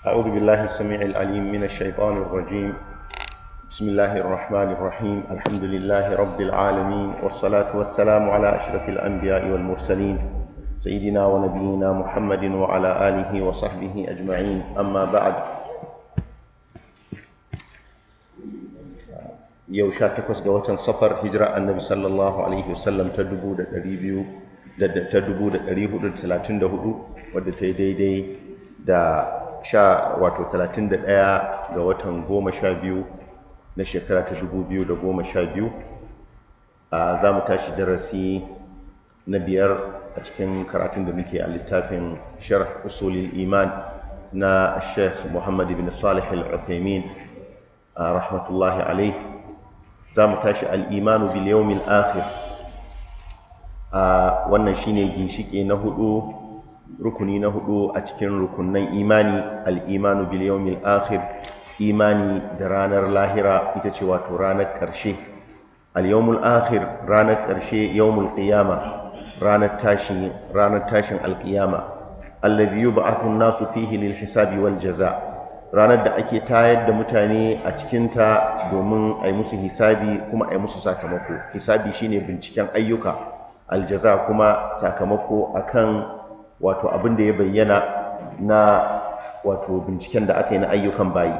أعوذ بالله السميع العليم من الشيطان الرجيم بسم الله الرحمن الرحيم الحمد لله رب العالمين والصلاة والسلام على أشرف الأنبياء والمرسلين سيدنا ونبينا محمد وعلى آله وصحبه أجمعين أما بعد yau sha takwas ga watan safar hijira annabi sallallahu alaihi wasallam ta dubu da ɗari biyu da ta dubu da ɗari hudu da talatin da hudu wadda ta yi daidai da sha wato 31 ga watan goma sha biyu na shekara ta 2012 a za mu tashi darasi na biyar a cikin karatun da muke a littafin sharh usulil iman na sheikh muhammad ibn salih al-uthaymin rahmatullahi alaih za mu tashi al-imanu bil yawmil akhir wannan shine ginshike na hudu rukuni na hudu a cikin rukunan imani al'imanu bil akhir imani da ranar lahira ita ce wato ranar ƙarshe al’yomul akhir ranar ƙarshe yawmul ƙiyama, ranar tashin ranar tashin alqiyama ba a sun nasu fihi lil hisabi wal jaza ranar da ake tayar da mutane a cikinta domin a yi musu hisabi kuma a yi musu sakamako hisabi shine binciken ayyuka aljaza kuma sakamako akan wato abin da ya bayyana na wato binciken da aka yi na ayyukan bayi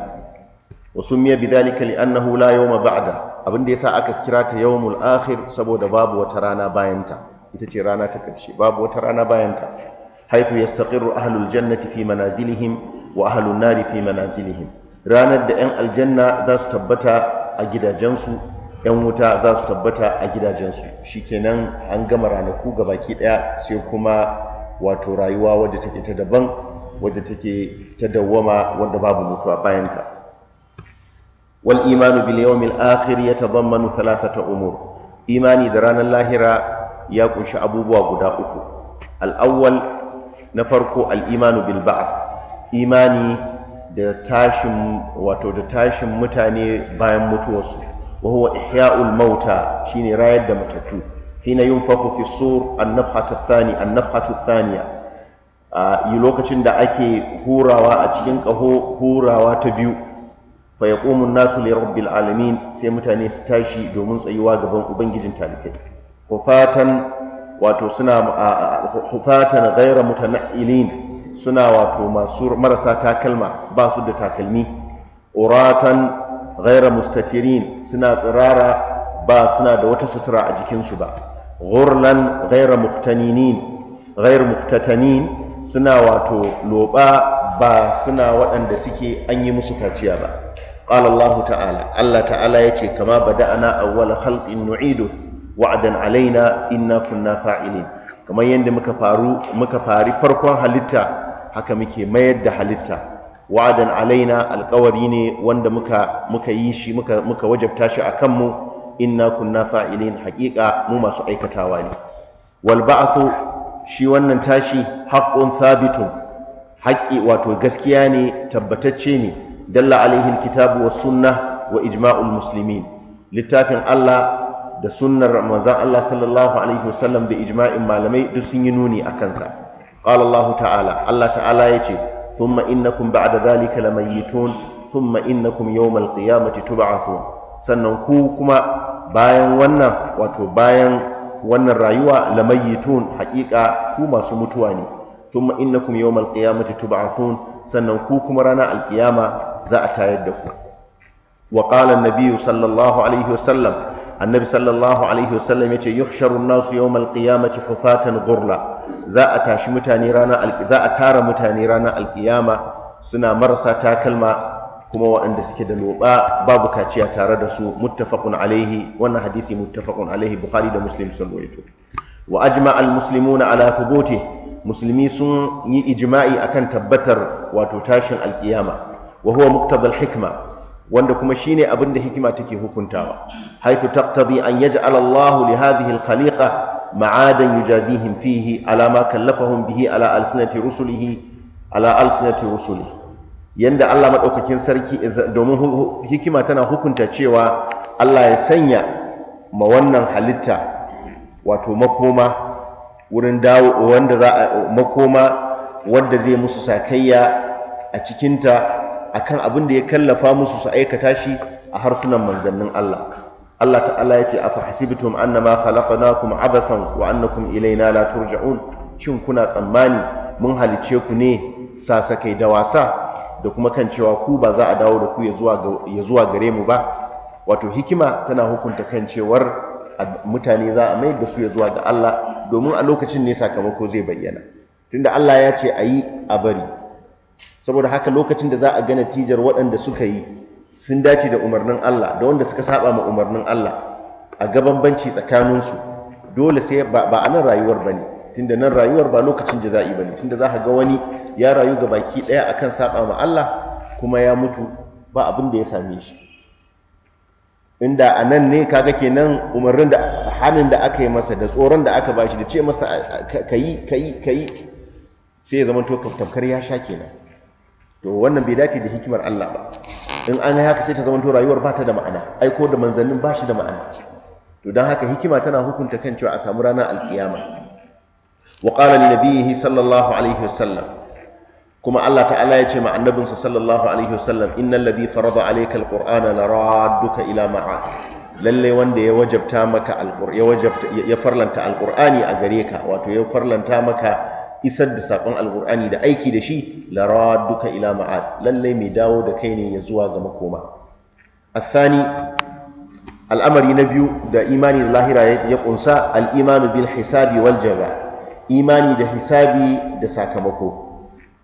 wa miya bidhalika li annahu la yawma ba'da abin da yasa aka kira ta yawmul akhir saboda babu wata rana bayan ta ita ce rana ta karshe babu wata rana bayan ta haythu yastaqirru ahlul jannati fi manazilihim wa ahlun nari fi manazilihim ranar da 'yan aljanna za su tabbata a gidajensu 'yan wuta za su tabbata a gidajensu shikenan an gama ranaku baki ɗaya sai kuma wato rayuwa wadda take ta daban wadda take ta dawwama wadda babu mutuwa bayan ta wal imanu bil yawmil akhir yatadammanu thalathata umur imani da ranar lahira ya kunshi abubuwa guda uku al awwal na farko al imanu bil ba'th imani da tashin wato da tashin mutane bayan mutuwarsu wa huwa ihya'ul mauta shine rayar da matattu hina yunfakhu fi sur an-nafhatu thani an thaniya yi lokacin da ake hurawa a cikin kaho hurawa ta biyu fa yaqumu nasu li rabbil alamin sai mutane su tashi domin tsayuwa gaban ubangijin talikai hufatan wato suna hufatan ghayra mutana'ilin suna wato masu marasa takalma ba su da takalmi uratan ghayra mustatirin suna tsirara ba suna da wata sutura a jikinsu ba ghurlan ghayra muhtaninin suna wato loba ba suna waɗanda suke anyi musu kaciya ba qala Allah ta'ala ya Allah ta'ala yace kama bada'ana awwal khalqin nu'idu wa'dan alaina inna kunna fa'ilin kamar yadda muka fari farkon halitta haka muke mayar da halitta wa'adan alaina alkawari ne wanda muka shi muka wajabta shi a kanmu inna kunna fa'ilin haƙiƙa mu masu aikatawa ne wal ba'thu shi wannan tashi haqqun thabitun haƙƙi wato gaskiya ne tabbatacce ne dalla alaihi alkitabu was sunnah wa ijma'ul muslimin littafin Allah da sunnar manzon Allah sallallahu alaihi wasallam da ijma'in malamai duk sun yi nuni a kansa qala Allah ta'ala Allah ta'ala yace thumma innakum ba'da dhalika lamayitun thumma innakum yawmal qiyamati tub'athun sannan ku kuma bayan wannan wato bayan wannan rayuwa lamayitun haƙiƙa ku masu mutuwa ne thumma innakum yawmal qiyamati tub'athun sannan ku kuma ranar alkiyama za a tayar da ku wa qala an-nabiy sallallahu alaihi wasallam annabi sallallahu alaihi wasallam yace yuhsharu an-nasu yawmal qiyamati hufatan ghurla za a tashi mutane ranar za a tara mutane ranar alkiyama suna marasa takalma kuma waɗanda suke da loba babu kaciya tare da su muttafaqun alaihi wannan hadisi muttafaqun alaihi bukhari da muslim sun rawaito wa ajma al muslimuna ala thubuti musulmi sun yi ijma'i akan tabbatar wato tashin alkiyama wa huwa muqtada al hikma wanda kuma shine abin da hikima take hukuntawa haythu taqtadi an yaj'al Allah li hadhihi al khaliqa ma'adan yujazihim fihi ala ma kallafahum bihi ala alsinati rusulihi ala alsinati rusulihi yanda Allah maɗaukakin sarki domin hikima tana hukunta cewa Allah ya sanya ma wannan halitta wato makoma wurin dawo wanda za a makoma wanda zai musu sakayya a cikinta akan abin da ya kallafa musu su aikata shi a harsunan manzannin Allah Allah ta'ala ya ce ma hasibtum annama khalaqnakum abathan wa annakum ilaina la turja'un shin kuna tsammani mun halice ku ne sasakai da wasa da kuma kan cewa ku ba za a dawo da ku ya zuwa gare mu ba wato hikima tana hukunta kan cewar mutane za a mayar da su ya zuwa ga Allah domin a lokacin ne sakamako zai bayyana tunda Allah ya ce a yi a bari saboda haka lokacin da za a ga natijar waɗanda suka yi sun dace da umarnin Allah da wanda suka saba ma umarnin Allah a ga bambanci tsakaninsu dole sai ba a nan rayuwar ba ne tunda nan rayuwar ba lokacin jaza'i ba ne tunda za ka ga wani ya rayu ga baki ɗaya akan saba ma Allah kuma ya mutu ba abin da ya same shi inda a nan ne kaga kenan umarnin da hannun da aka yi masa da tsoron da aka bashi da ce masa ka ka yi yi ka yi sai ya zama to tamkar ya sha kenan to wannan bai dace da hikimar Allah ba in an yi haka sai ta zama to rayuwar ba ta da ma'ana aiko da manzannin ba shi da ma'ana to don haka hikima tana hukunta kan cewa a samu ranar alkiyama wa qala li nabiyhi sallallahu alaihi wasallam kuma Allah ta'ala ya ce ma annabinsa sallallahu alaihi wasallam innal ladhi farada alayka alqur'ana laradduka ila ma'ad lalle wanda ya wajabta maka alqur ya farlanta alqur'ani a gare ka wato ya farlanta maka isar da sakon alqur'ani da aiki da shi laradduka ila ma'ad lalle mai dawo da kai ne ya zuwa ga makoma athani al'amari na biyu da imani da lahira ya kunsa al-imanu bil hisabi wal jaza imani da hisabi da sakamako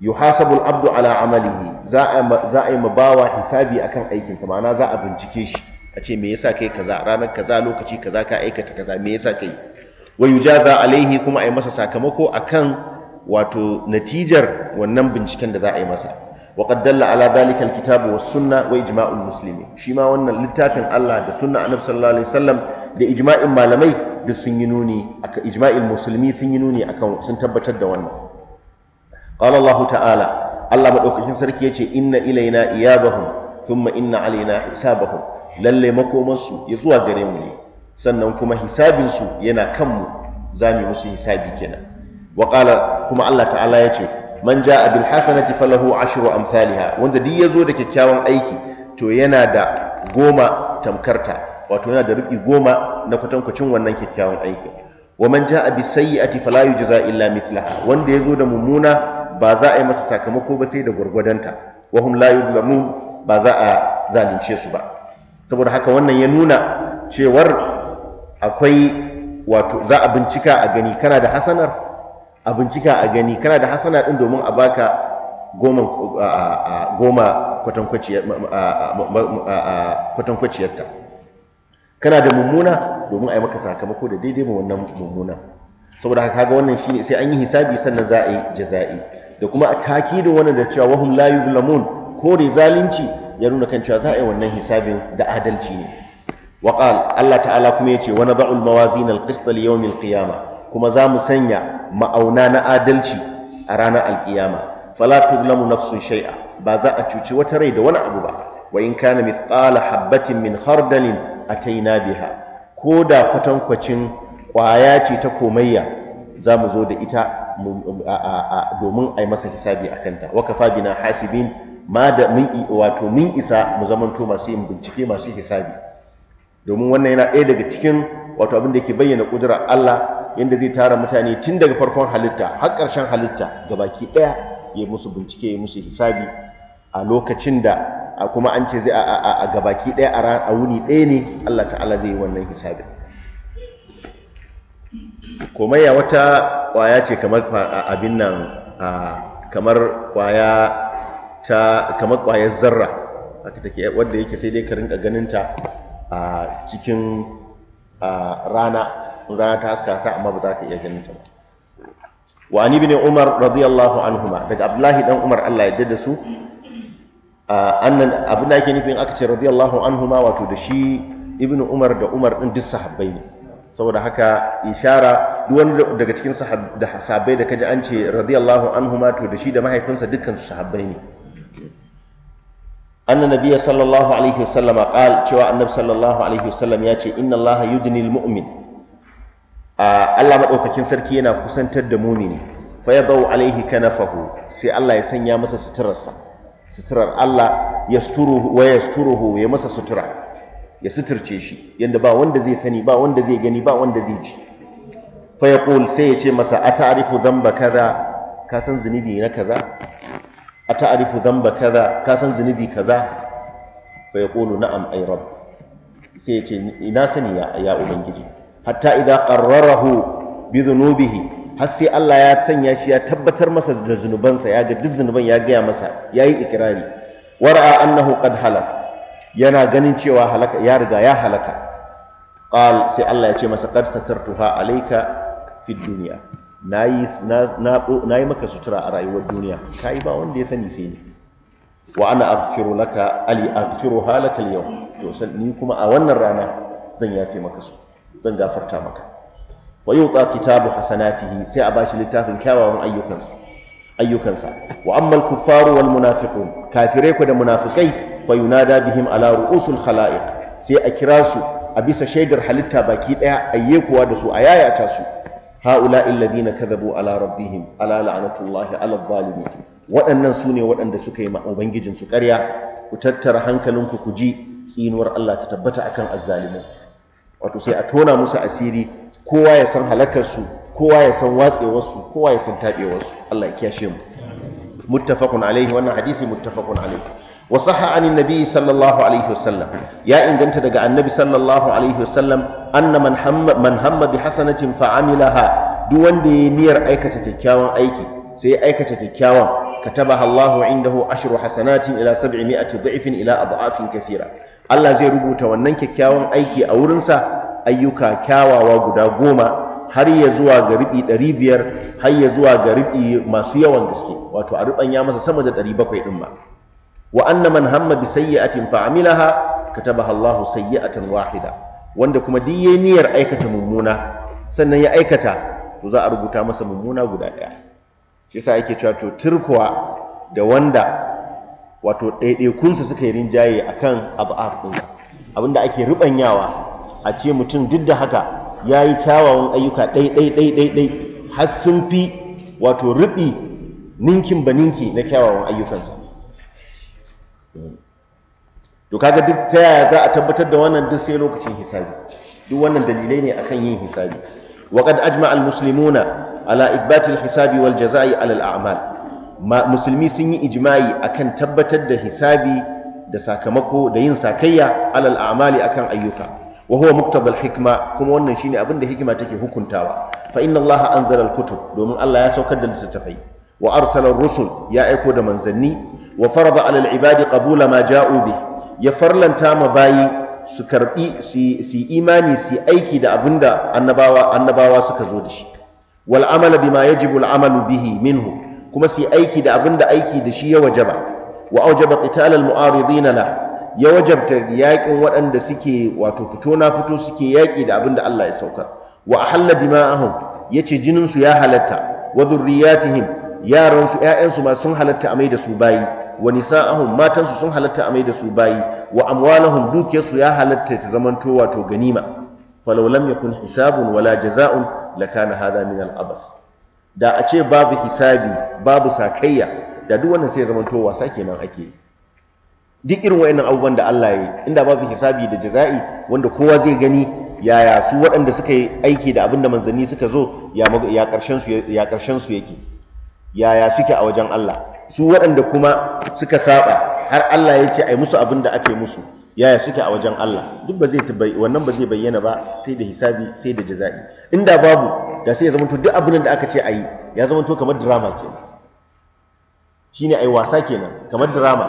yuhasabu abdu ala amalihi za a yi ma bawa hisabi akan aikinsa ma'ana za a bincike shi a ce me yasa kai kaza ranar kaza lokaci kaza ka aikata kaza me yasa kai wa yujaza alaihi kuma a yi masa sakamako akan wato natijar wannan binciken da za a yi masa wa qad dalla ala dhalika kitabu was sunna wa ijma'ul muslimin shi ma wannan littafin Allah da sunna annabi sallallahu alaihi wasallam da ijma'in malamai duk sun yi nuni aka ijma'il musulmi sun yi nuni akan sun tabbatar da wannan qala Allah ta'ala Allah madaukakin sarki yace inna ilaina iyabahum thumma inna alaina hisabahum Lallai makomansu ya zuwa gare mu ne sannan kuma hisabin su yana za mu musu hisabi kenan wa qala kuma Allah ta'ala yace man jaa bil hasanati falahu ashru amsalha wanda duk yazo da kyakkyawan aiki to yana da goma tamkarta wato yana da rubi goma na kwatankwacin wannan kyakkyawan aiki. wa man jaa bi sayyi'ati fala yujza illa mithlaha wanda yazo da mummuna ba za a yi masa sakamako ba sai da gwargwadonta wa hum la yuzlamun ba za a zalunce su ba saboda haka wannan ya nuna cewar akwai wato za a bincika a gani kana da hasanar a bincika a gani kana da hasana din domin a baka goma goma kwatankwaciyarta kana da mummuna domin a yi maka sakamako da daidai ma wannan mummuna saboda haka kaga wannan shine sai an yi hisabi sannan za a yi jaza'i da kuma a takidin wannan da cewa wahum la yuzlamun kore zalunci ya nuna kan cewa za a yi wannan hisabin da adalci ne wa Allah ta'ala kuma ya ce wa nadha'u al-mawazin al-qist li kuma za mu sanya ma'auna na adalci a ranar alkiyama fala tuzlamu nafsun shai'a ba za a cuci wata rai da wani abu ba wa in kana mithqala habbatin min khardalin ataina biha ko da kwatankwacin kwaya ce ta komayya za mu zo da ita domin a yi masa hisabi a kanta waka kafa bina hasibin ma da mun wato mun isa mu zamanto masu yin bincike masu hisabi domin wannan yana ɗaya daga cikin wato abin da yake bayyana ƙudurar Allah yadda zai tara mutane tun daga farkon halitta har ƙarshen halitta ga baki ɗaya ya musu bincike ya musu hisabi a lokacin da kuma an ce zai a gabaki ɗaya a wuni ɗaya ne Allah ta'ala zai yi wannan hisabin komayya wata kwaya ce kamar abin nan kamar kwaya ta kamar kwayar zarra wadda yake sai dai ka rinka ganinta a cikin rana rana ta haska ta amma ba za ka iya ganinta ba wa ani bin umar radiyallahu anhuma daga abdullahi dan umar Allah ya dada da su annan abin da ake nufin aka ce radiyallahu anhuma wato da shi ibnu umar da umar din duk sahabbai ne saboda haka ishara duk wani daga cikin sahabbai da kaji an ce radiyallahu ma to da shi da mahaifinsa dukkan su sahabbai ne anna nabiyya sallallahu alaihi wasallam qal cewa annabi sallallahu alaihi wasallam ya ce inna allaha yudni almu'min Allah madaukakin sarki yana kusantar da mumini fa yadau alaihi kanafahu sai Allah ya sanya masa suturarsa suturar Allah yasturuhu wa yasturuhu ya masa sutura ya suturce shi yanda ba wanda zai sani ba wanda zai gani ba wanda zai ji fa yaqul sai ya ce masa a ata'rifu ba kaza ka san zunubi na kaza A ata'rifu ba kaza ka san zunubi kaza fa Kulu na'am ay sai ya ce ina sani ya ya ubangiji hatta idza qarrarahu bi dhunubihi har sai Allah ya sanya shi ya tabbatar masa da zunubansa ya ga duk zunuban ya gaya masa yayi ikrari wara'a annahu qad halaka yana ganin cewa halaka ya riga ya halaka qal sai Allah ya ce masa qad satartuha alayka fid dunya nayi nayi maka sutura a rayuwar duniya kai ba wanda ya sani sai ni wa ana aghfiru laka ali laka al yawm to san ni kuma a wannan rana zan yafe maka su zan gafarta maka wa yuta kitabu hasanatihi sai a bashi littafin kyawawan ayyukansu ayyukansa wa ammal kuffaru wal munafiqun kafirai ku da munafikai fayunada bihim ala ru'usul khala'iq sai a kira su a bisa shaidar halitta baki daya a yekuwa da su a yayata su haula alladhina kadhabu ala rabbihim ala la'natullahi ala zalimin waɗannan su ne waɗanda suka yi ma ubangijin su ƙarya ku tattara hankalinku ku ji tsinuwar Allah ta tabbata akan azzalimin wato sai a tona musu asiri kowa ya san halakarsu kowa ya san watsewarsu kowa ya san taɓewarsu Allah ya kiyashe mu muttafaqun alaihi wannan hadisi muttafaqun alaihi wa sahha anin nabi sallallahu alaihi wasallam ya inganta daga annabi sallallahu alaihi wasallam anna man hamma bi hasanatin fa amilaha duk wanda ya niyyar aikata kyakkyawan aiki sai ya aikata kyakkyawan katabaha Allahu hu ashiru hasanatin ila 700 dha'ifin ila adha'afin kafira Allah zai rubuta wannan kyakkyawan aiki a wurinsa ayyuka kyawawa guda goma har ya zuwa ga riɓi ɗari biyar har ya zuwa ga riɓi masu yawan gaske wato a riɓanya masa sama da ɗari bakwai ɗin ma wa anna man hamma bi sayyi'atin fa amilaha katabaha Allahu sayyi'atan wahida wanda kuma duk yayi niyyar aikata mummuna sannan ya aikata to za a rubuta masa mummuna guda daya shi yasa ake cewa to turkuwa da wanda wato ɗaiɗaikunsa suka yi rinjaye akan abu ɗinsa abinda ake rubanyawa a ce mutum duk da haka ya yi kyawawan ayyuka ɗai-ɗai-ɗai-ɗai har sun fi wato ruɓi ninkin ba ninki na kyawawan ayyukansa Mm. to kaga duk ta yaya za a tabbatar da wannan duk sai lokacin hisabi duk wannan dalilai ne akan yin hisabi wa qad ajma al muslimuna ala ithbat al hisabi wal jazai ala al a'mal musulmi sun yi ijma'i akan tabbatar da hisabi da sakamako da yin sakayya ala al a'mali akan ayyuka wa huwa muqtada al hikma kuma wannan shine abin da hikima take hukuntawa fa inna allaha anzala al kutub domin Allah ya saukar da littattafai wa arsala rusul ya aiko da manzanni wa farada alal ibadi qabula ma ja'u bi ya farlanta ma bayi su karbi su imani su aiki da abinda annabawa annabawa suka zo da shi wal amala bima yajibu al amalu bihi minhu kuma su aiki da abinda aiki da shi ya wajaba wa aujaba qital al mu'aridin la ya wajabta yakin waɗanda suke wato fito na fito suke yaƙi da abinda Allah ya saukar wa ahalla dima'ahum yace jinin su ya halatta wa dhurriyatihim yaransu ‘ya'yansu ma sun halatta a da su bayi wa nisa'ahum matansu sun halatta a mai da su bayi wa amwalahum dukiyarsu ya halatta ta zamanto wato ganima falau lam yakun hisabun wala jaza'un lakana hadha min al da a ce babu hisabi babu sakayya da duk wannan sai ya zamanto wasa kenan ake duk irin wa'annan abubuwan da Allah ya yi inda babu hisabi da jaza'i wanda kowa zai gani yaya su waɗanda suka yi aiki da abinda da manzanni suka zo ya ƙarshen su yake yaya suke a wajen Allah su waɗanda kuma suka saba har Allah ya ce ai musu abin da ake musu yaya suke a wajen Allah duk ba zai wannan ba zai bayyana ba sai da hisabi sai da jaza'i inda babu da sai ya zama to duk abin da aka ce ayi ya zama to kamar drama kenan shine ai wasa kenan kamar drama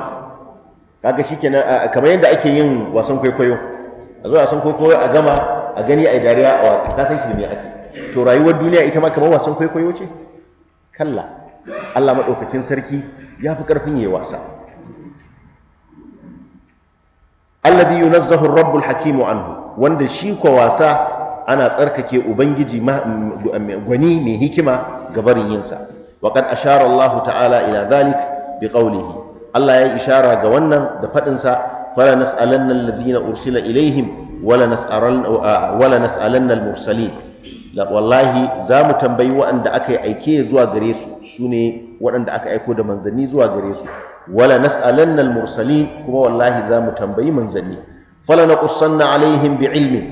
kaga shikenan kamar yadda ake yin wasan kwaikwayo a zo a san kwaikwayo a gama a gani ai dariya a wasa ka san shi ne ake to rayuwar duniya ita ma kamar wasan kwaikwayo ce kalla Allah maɗaukakin sarki ya fi ƙarfin yi wasa biyu na ar-rabbul hakimu anhu wanda shi kwa wasa ana tsarkake ubangiji gwani mai hikima ga barin yinsa wa qad ashara Allah ta'ala ila zalik bi qawlihi Allah ya ishara ga wannan da faɗinsa sa fala nas'alanna alladhina ursila ilaihim wala nas'alanna al-mursalin wallahi za mu tambayi waɗanda aka yi aike zuwa gare su su ne waɗanda aka aiko da manzanni zuwa gare su wala nas'alan nal mursali. kuma wallahi za mu tambayi manzanni fala na alaihim bi ilmin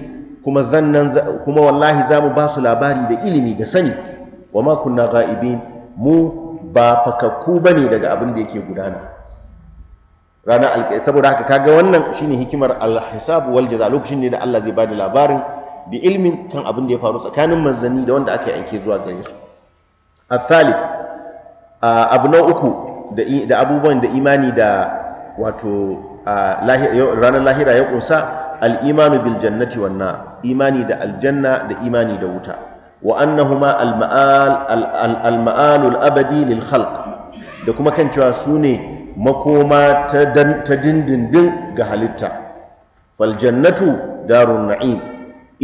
kuma zannan kuma wallahi za mu ba su labari da ilimi da sani wa ma kunna ghaibin mu ba fakakku ne daga abin da yake gudana ranar alƙai saboda haka kaga wannan shine hikimar al-hisab wal jaza lokacin ne da Allah zai ba da labarin bi ilmin kan abin da ya faru tsakanin manzanni da wanda aka yi aike zuwa gare su athalif abu na uku da abubuwan da imani da wato ranar lahira ya kunsa al'imanu bil jannati wannan imani da aljanna da imani da wuta wa annahuma al-ma'al abadi lil khalq da kuma kan cewa su ne makoma ta dindindin ga halitta fal jannatu darun na'im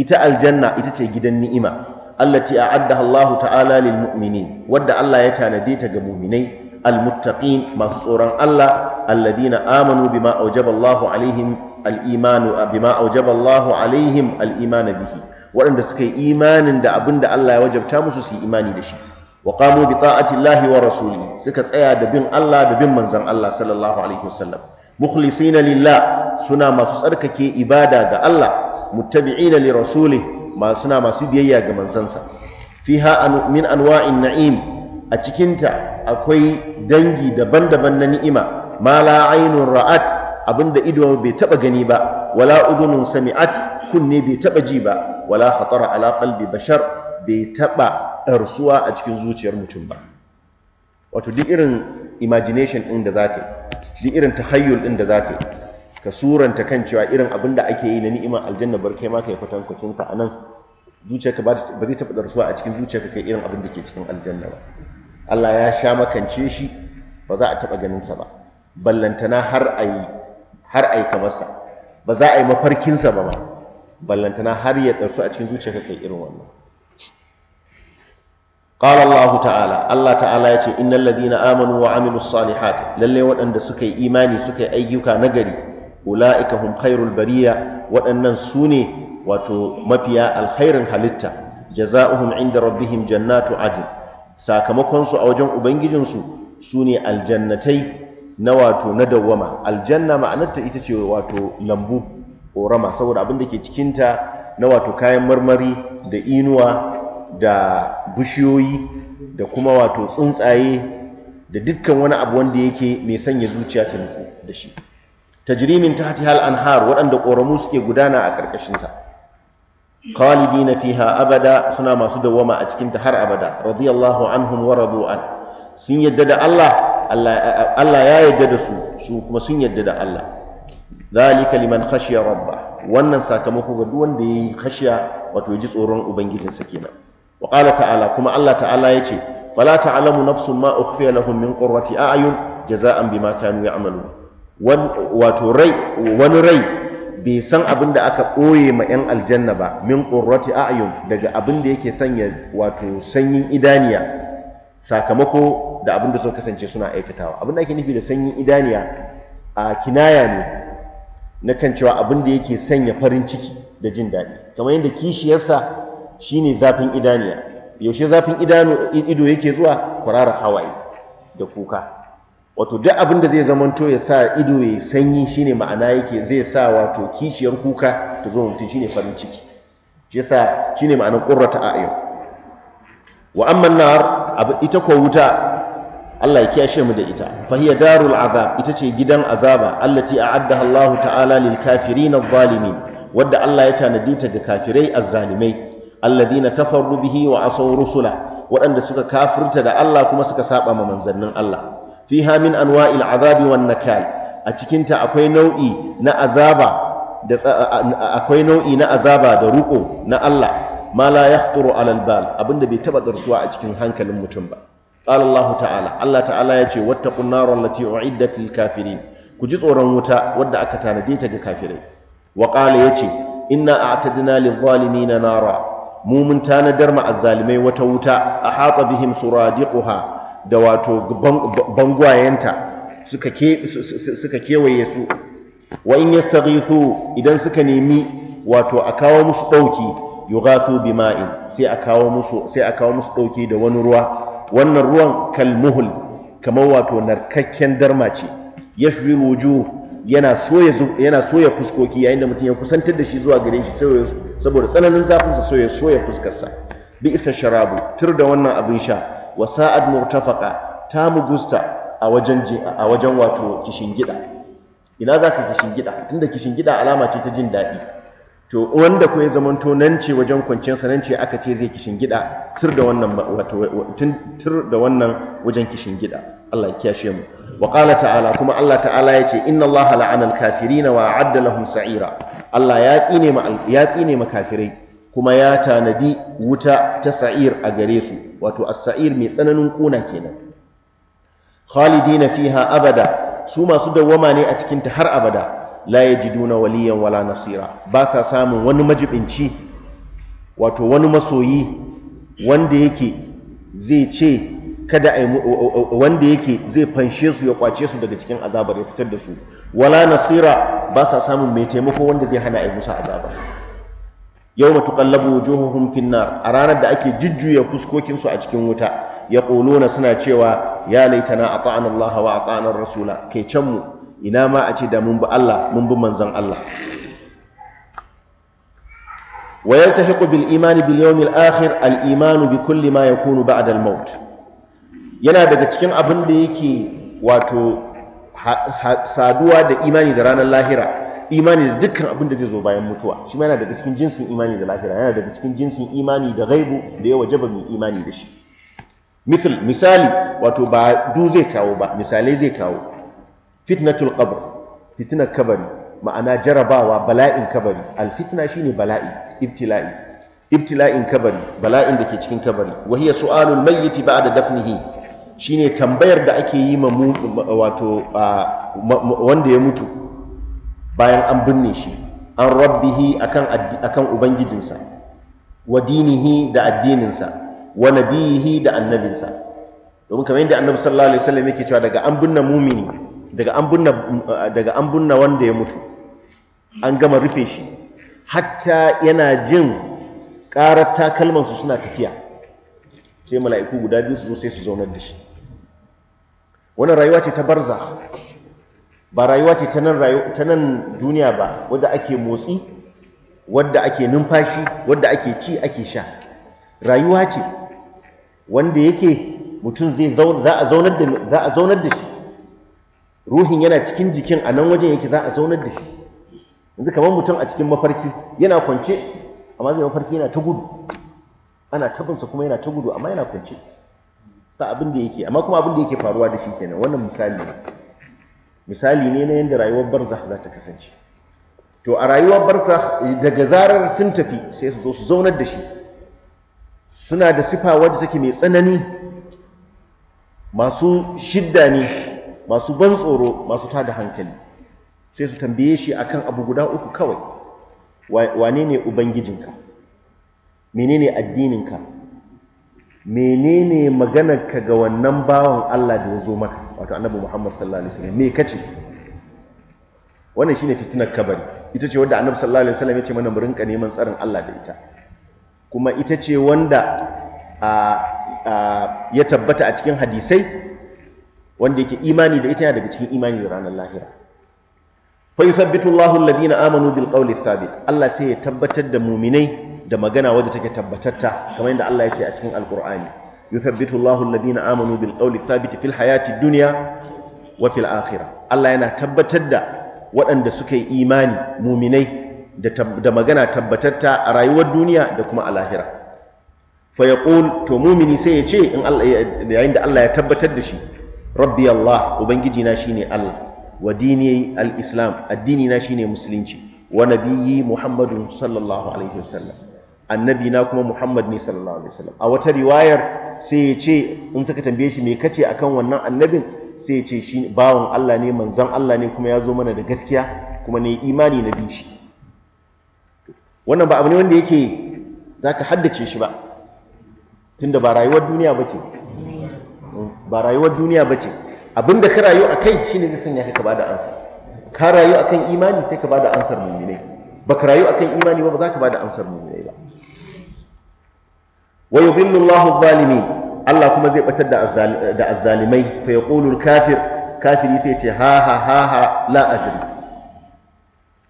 ita aljanna ita ce gidan ni'ima allati a'addaha Allah ta'ala lil mu'minin wadda Allah ya tanade ta ga mu'minai muttaqin masu tsoron Allah alladhina amanu bima awjaba alaihim al-imanu bima alaihim al-iman bihi waɗanda suka yi imanin da abin da Allah ya wajabta musu su yi imani da shi wa qamu bi ta'ati Allah wa rasuli suka tsaya da bin Allah da bin manzon Allah sallallahu alaihi wasallam mukhlisina lillah suna masu tsarkake ibada ga Allah muttabi'ina li rasuli ma suna masu biyayya ga manzansa fiha min anwa'in na'im a cikinta akwai dangi daban-daban na ni'ima ma la ainun ra'at abinda ido bai taba gani ba wala udunun sami'at kunne bai taba ji ba wala khatara ala qalbi bashar bai taba arsuwa a cikin zuciyar mutum ba wato duk irin imagination din da zaka yi duk irin tahayyul din da zaka yi ka suranta kan cewa irin abin da ake yi na ni'imar aljanna bar kai ma kai kwatankwacin sa anan zuciyarka ba zai taɓa darsuwa a cikin zuciyarka kai irin abin da ke cikin aljanna ba Allah ya sha makance shi ba za a taɓa ganin sa ba ballantana har a yi har a yi kamar sa ba za a yi mafarkin sa ba ma ballantana har ya darsu a cikin zuciyarka kai irin wannan قال الله تعالى الله تعالى يقول إن الذين آمنوا وعملوا الصالحات للي ودن سكي إيماني سكي أيوكا نغري ula'ika hum khairul bariya waɗannan su ne wato mafiya alkhairin halitta jaza'uhum inda rabbihim jannatu Sakamakon sakamakonsu a wajen ubangijinsu su ne aljannatai na wato na dawwama aljanna ma'anarta ita ce wato lambu ƙorama saboda abin da ke cikinta na wato kayan marmari da inuwa da bishiyoyi da kuma wato tsuntsaye da dukkan wani abu wanda yake mai sanya zuciya ta nutsu da shi tajrimin hatihal hal anhar waɗanda ƙoramu suke gudana a ƙarƙashinta na fiha abada suna masu dawwama a cikinta har abada radiyallahu anhum wa radu an sun yadda da Allah Allah ya yadda da su su kuma sun yadda da Allah zalika liman khashiya rabba wannan sakamako ga duk wanda yi khashiya wato ya ji tsoron ubangijinsa kenan wa qala ta'ala kuma Allah ta'ala yace fala ta'lamu nafsun ma ukhfiya lahum min qurrati a'yun jaza'an bima kanu amalu. wato rai wani rai bai san abin da aka ɓoye ma 'yan aljanna ba min ƙurrati ayyun daga abin da yake sanya wato sanyin idaniya sakamako da abin da suka kasance suna aikatawa abin da ake nufi da sanyin idaniya a kinaya ne na kan cewa abin da yake sanya farin ciki da jin daɗi kamar yadda kishiyarsa shine zafin idaniya yaushe zafin ido yake zuwa kwararar hawaye da kuka wato duk abin da zai zama to ya sa ido ya sanyi shine ma'ana yake zai sa wato kishiyar kuka ta zo mutum shine farin ciki shi yasa shine ma'ana qurrata a'yun wa amma nar ita ko wuta Allah ya kiyashe mu da ita fa hiya darul azab ita ce gidan azaba allati a'addaha Allah ta'ala lil kafirin adh-dhalimin wadda Allah ya tanadi ta ga kafirai az-zalimai alladhina kafaru bihi wa asaw rusula waɗanda suka kafirta da Allah kuma suka saba ma manzannin Allah fiha min anwa'il azabi wan nakal a cikin ta akwai nau'i na azaba da akwai nau'i na azaba da ruko na Allah ma la yahturu alal bal abinda bai taba darsuwa a cikin hankalin mutum ba qala Allah ta'ala Allah ta'ala yace wattaqun nar allati u'iddat lil kafirin ku ji tsoron wuta wadda aka tanade ta ga kafirai wa qala yace inna a'tadna lil zalimin nara mu mun tanadar ma azzalimai wata wuta a ahata bihim suradiquha da wato bangwayenta suka kewaye su wa in yastaghithu idan suka nemi wato a kawo musu dauki yughathu bima'in sai a kawo musu sai a kawo musu dauki da wani ruwa wannan ruwan kalmuhul kamar wato narkakken darma ce yashwi wujuh yana soya yana soya fuskoki yayin da mutum ya kusantar da shi zuwa gare shi saboda tsananin zafin sa soya soya fuskar sa bi isa sharabu tur da wannan abin sha wa sa'ad murtafaqa ta mugusta a wajen a wajen wato gida. ina kishin gida? tunda kishin gida alama ce ta jin daɗi to wanda ko ya zamanto nan ce wajen kwanciyarsa sa nan ce aka ce zai gida? tur da wannan wato tur da wannan wajen kishin gida. Allah ya kiyashe mu wa qala ta'ala kuma Allah ta'ala yace inna Allah la'ana al-kafirina wa a'adda lahum sa'ira Allah ya tsine ma ya tsine ma kafirai kuma ya tanadi wuta ta sa'ir a gare su wato as mai tsananin kuna kenan khalidina fiha abada su masu dawwama ne a cikin ta har abada la yajiduna waliyan wala nasira ba sa samun wani majibinci wato wani masoyi wanda yake zai ce kada a wanda yake zai fanshe su ya kwace su daga cikin azabar ya fitar da su wala nasira ba sa samun mai taimako wanda zai hana a yi musu azabar yawma tuqallabu wujuhuhum fin nar a ranar da ake jujjuya fuskokin su a cikin wuta yaquluna suna cewa ya laitana ata'ana Allah wa ata'ana rasula kai can mu ina ma a ce da mun bi Allah mun bi manzon Allah wa yaltahiqu bil iman bil al akhir al iman bi kulli ma yakunu ba'da al maut yana daga cikin abin da yake wato saduwa da imani da ranar lahira imani da dukkan abin da zai zo bayan mutuwa shi ma yana daga cikin jinsin imani da lahira yana daga cikin jinsin imani da gaibu da ya wajaba mai imani da shi misal misali wato ba du zai kawo ba misalai zai kawo fitnatul qabr fitnar kabari ma'ana jarabawa bala'in kabari alfitna shine bala'i ibtila'i ibtila'in kabari bala'in da ke cikin kabari wa hiya su'alul mayyit ba'da dafnihi shine tambayar da ake yi ma wato wanda ya mutu bayan an binne shi an rabbihi akan akan ubangijinsa wa dinihi da addininsa wa nabiyihi da annabinsa domin kamar yadda annabi sallallahu alaihi wasallam yake cewa daga an binne mumini daga an binne daga an binne wanda ya mutu an gama rufe shi hatta yana jin karar takalmansu suna tafiya sai mala'iku guda biyu su zo sai su zaunar da shi wannan rayuwa ce ta barza ba rayuwa ce ta nan duniya ba wadda ake motsi wadda ake numfashi wadda ake ci ake sha rayuwa ce wanda yake mutum zai za a zaunar da shi ruhin yana cikin jikin a nan wajen yake za a zaunar da shi yanzu kamar mutum a cikin mafarki yana kwance amma zai mafarki yana ta gudu ana tabinsa kuma yana ta gudu amma yana kwance ta abin da yake amma kuma abin da yake faruwa da shi kenan wannan misali ne misali ne na yadda rayuwar barzakh za ta kasance to a rayuwar barzakh daga zarar sun tafi sai su zo su zaunar da shi suna da sifa wadda take mai tsanani masu shidda ne masu ban tsoro masu ta da hankali sai su tambaye shi akan abu guda uku kawai wane ne ubangijinka menene addininka menene maganarka ga wannan bawan Allah da ya zo maka wato annabi muhammad sallallahu alaihi wasallam me kace wannan shine fitinar kabari ita ce wanda annabi sallallahu alaihi wasallam ya ce mana mu rinka neman tsarin Allah da ita kuma ita ce wanda ya tabbata a cikin hadisai wanda yake imani da ita yana daga cikin imani da ranar lahira fa yuthabbitu Allahu alladhina amanu bil qawli thabit Allah sai ya tabbatar da muminai da magana wadda take tabbatatta kamar yadda Allah ya ce a cikin alqur'ani yuthabbitu Allahu alladhina amanu bil qawli thabit fil hayati dunya wa fil akhira. Allah yana tabbatar da waɗanda suka yi imani muminai da magana tabbatatta a rayuwar duniya da kuma a lahira fa yaqul to mumini sai ya ce in Allah yayin da Allah ya tabbatar da shi rabbi Allah ubangiji na shine Allah wa dini al-islam addini na shine musulunci wa nabiyyi muhammadun sallallahu alaihi wasallam annabi na kuma Muhammad ne sallallahu alaihi wasallam a wata riwayar sai ya ce in suka tambaye shi me kace akan wannan annabin sai ya ce shi bawan Allah ne manzon Allah ne kuma ya zo mana da gaskiya kuma ne imani na bi shi wannan ba abu ne wanda yake zaka haddace shi ba tunda ba rayuwar duniya bace ba rayuwar duniya bace abinda ka rayu akai shine zai sanya ka bada ansa ka rayu akan imani sai ka bada ansar Ba baka rayu akan imani ba ba za ka bada amsar mu'minai ba wa yudhillu Allahu adh-dhalimin Allah kuma zai batar da azzalimai fa yaqulu al-kafir kafiri sai ce ha ha ha ha la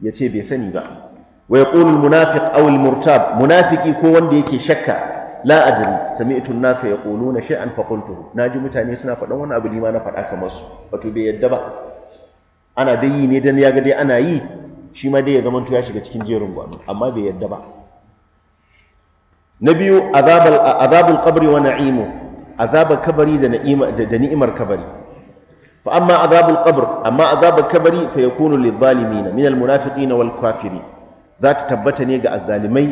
yace bai sani ba wa yaqulu al-munafiq aw al-murtab munafiki ko wanda yake shakka la adri sami'tu an-nas yaquluna shay'an fa qultu naji mutane suna faɗan wani abu ne ma na faɗa kamar su wato bai yadda ba ana dai yi ne dan ya ga dai ana yi shi ma dai ya zamanto ya shiga cikin jerin gwano amma bai yadda ba na biyu azabul kabari wa na'imu azabar kabari da ni'imar kabari fa amma azabul qabr amma azabar kabari fa ya kunu dhalimin min al-munafiqin wal kafirin za ta tabbata ne ga azzalimai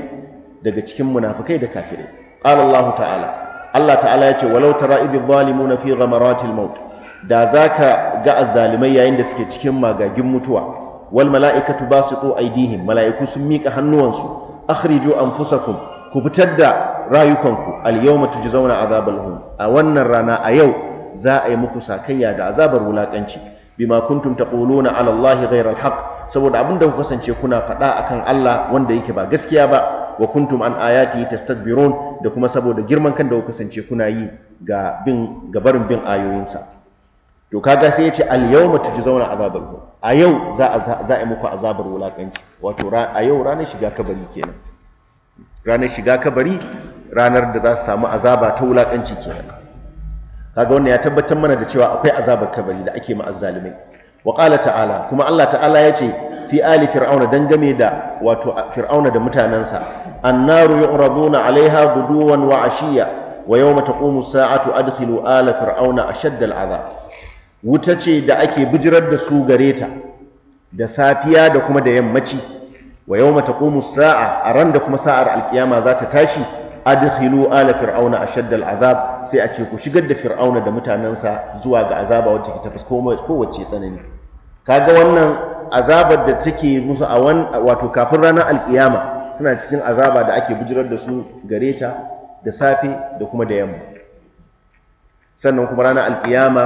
daga cikin munafikai da kafirai qala Allah ta'ala Allah ta'ala ya ce walau tara idh zalimuna fi ghamaratil maut da zaka ga azzalimai yayin da suke cikin magagin mutuwa wal mala'ikatu basitu aydihim mala'iku sun mika hannuwansu akhrijoo anfusakum ku fitar da rayukanku al-yawma tujzauna azabal hum a wannan rana a yau za a yi muku sakayya da azabar wulakanci bima ta taquluna na alallahi ghayra al saboda abin da ku kasance kuna faɗa akan Allah wanda yake ba gaskiya ba wa kuntum an ayati tastakbirun da kuma saboda girman kan da ku kasance kuna yi ga bin ga barin bin ayoyinsa to kaga sai ya ce al tujzauna azabal a yau za a za a muku azabar wulakanci wato a yau ranar shiga kabari kenan ranar shiga kabari ranar da za su samu azaba ta wulakanci kenan kaga wannan ya tabbatar mana da cewa akwai azabar kabari da ake ma'azzalimai wa qala ta'ala kuma Allah ta'ala ya ce fi ali fir'auna game da wato fir'auna da mutanensa annaru yu'raduna 'alaiha guduwan wa 'ashiya wa yawma taqumu saatu adkhilu ala fir'auna a shaddal aza. wuta ce da ake bijirar da su gare ta da safiya da kuma da yammaci wa mata taqumu sa'a a ran da kuma sa'ar alkiyama za ta tashi adkhilu ala fir'auna a ashadda al'azab sai a ce ku shigar da fir'auna da mutanensa zuwa ga azaba wacce ta fusko kowace tsanani kaga wannan azabar da take musu a wato kafin ranar alkiyama suna cikin azaba da ake bijirar da su gareta, da safe da kuma da yamma sannan kuma ranar alkiyama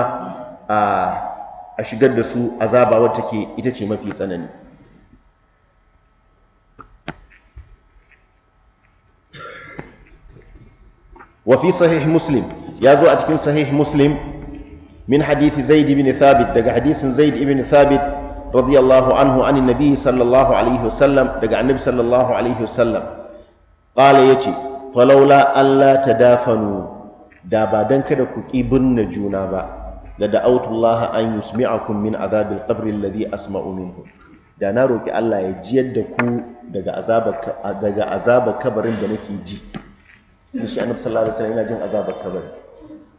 a shigar da su azaba wacce ita ce mafi tsanani wa fi sahih muslim ya zo a cikin sahih muslim min hadisi zaid ibn thabit daga hadisin zaid ibn thabit radiyallahu anhu an nabi sallallahu alaihi wasallam daga annabi sallallahu alaihi wasallam qala yace falawla allah ta tadafanu da ba dan kada ku ki binne juna ba da da'autullah an yusmi'akum min azabil qabr alladhi asma'u minhu da na roƙi Allah ya jiyar da ku daga azaba daga azaba kabarin da nake ji in shi annabi sallallahu yana jin azabar kabari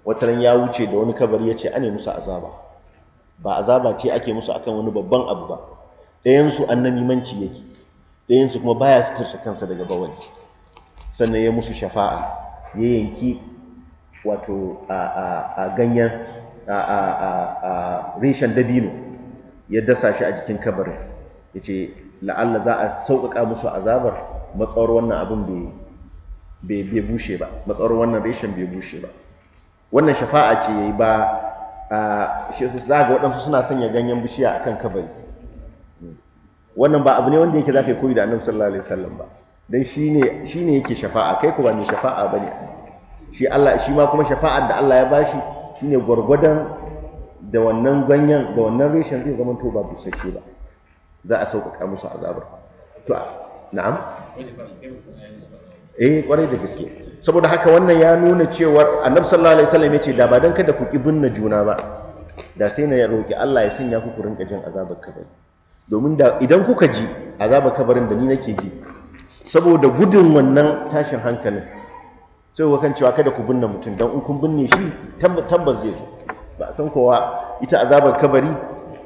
wataran ya wuce da wani kabari ya ce ane musu azaba ba azaba ce ake musu akan wani babban abu ba ɗayansu manci yake ɗayansu kuma baya suturta kansa daga bawan. sannan ya musu shafa'a ya yanki wato a ganyen a reshen dabino ya dasa shi a jikin kabarin ya ce la'alla za a sauƙaƙa musu azabar matsawar wannan abin bai bai bushe ba matsawar wannan reshen bai bushe ba wannan shafa'a ce ya yi ba a shi su zaga waɗansu suna sanya ganyen bishiya akan kabari wannan ba abu ne wanda yake zaka koyi da annabi sallallahu alaihi wasallam ba dan shi ne yake shafa'a kai ko ba shafa'a ba shi Allah shi ma kuma shafa'ar da Allah ya bashi shi ne gwargwadon da wannan ganyen da wannan reshen zai zama to ba busasshe ba za a sauƙaƙa musu azabar to na'am eh kwarai da gaske saboda haka wannan ya nuna cewar annabi sallallahu alaihi wasallam ya ce da ba dan kada ku ki binne juna ba da sai na roki Allah ya sanya ku ku rinka jin azabar kabari domin da idan kuka ji azabar kabarin da ni nake ji saboda gudun wannan tashin hankalin sai kan cewa kada ku binne mutum dan in kun binne shi tabbas zai zo ba san kowa ita azabar kabari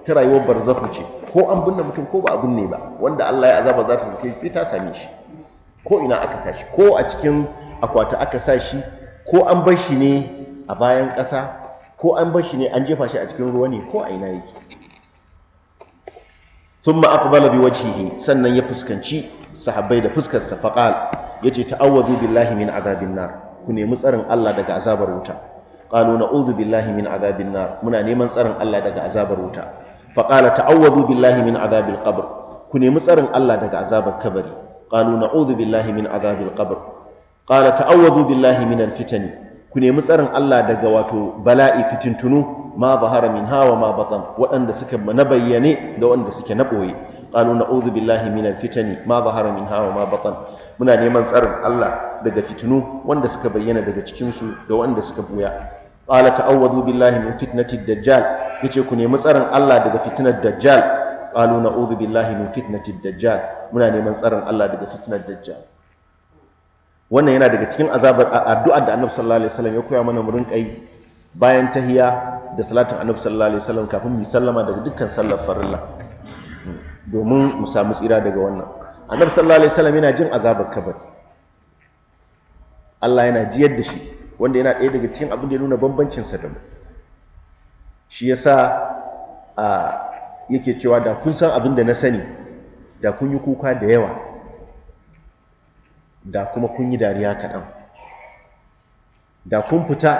ta rayuwar barzaku ce ko an binne mutum ko ba a binne ba wanda Allah ya azaba za ta sai ta same shi ko ina aka sa shi ko a cikin akwata aka sa shi ko an bar shi ne a bayan ƙasa ko an bar shi ne an jefa shi a cikin ruwa ne ko a ina yake thumma aqbala biwajhihi sannan ya fuskanci sahabbai da fuskar sa faqal yace ta'awwazu billahi min azabin nar ku nemi tsarin Allah daga azabar wuta qalu na'udhu billahi min azabin nar muna neman tsarin Allah daga azabar wuta faqala ta'awwazu billahi min azabil qabr ku nemi tsarin Allah daga azabar kabari qalu na'udhu billahi min azabil qabr qala billahi min alfitani ku nemi tsarin Allah daga wato bala'i fitintunu ma zahara min hawa ma batan waɗanda suka na bayyane da waɗanda suke na ɓoye qalu na'udhu billahi min alfitani ma zahara min hawa ma batan muna neman tsarin Allah daga fitinu wanda suka bayyana daga cikin su da waɗanda suka buya qala ta'awwadhu billahi min fitnati dajjal yace ku nemi tsarin Allah daga fitnar dajjal qalu na'udhu billahi min fitnatid dajjal muna neman tsaron Allah daga fitnar dajjal wannan yana daga cikin azabar addu'ar da Annabi sallallahu alaihi wasallam ya koya mana mu rinka yi bayan tahiya da salatin Annabi sallallahu alaihi wasallam kafin mu sallama daga dukkan sallar farilla hmm. domin mu samu tsira daga wannan Annabi sallallahu alaihi wasallam yana jin azabar kabari Allah yana jiyar da shi wanda yana ɗaya daga cikin abin da ya nuna bambancinsa da mu shi yasa a yake cewa da kun san abin da na sani da kun yi kuka da yawa da kuma kun yi dariya kaɗan da kun fita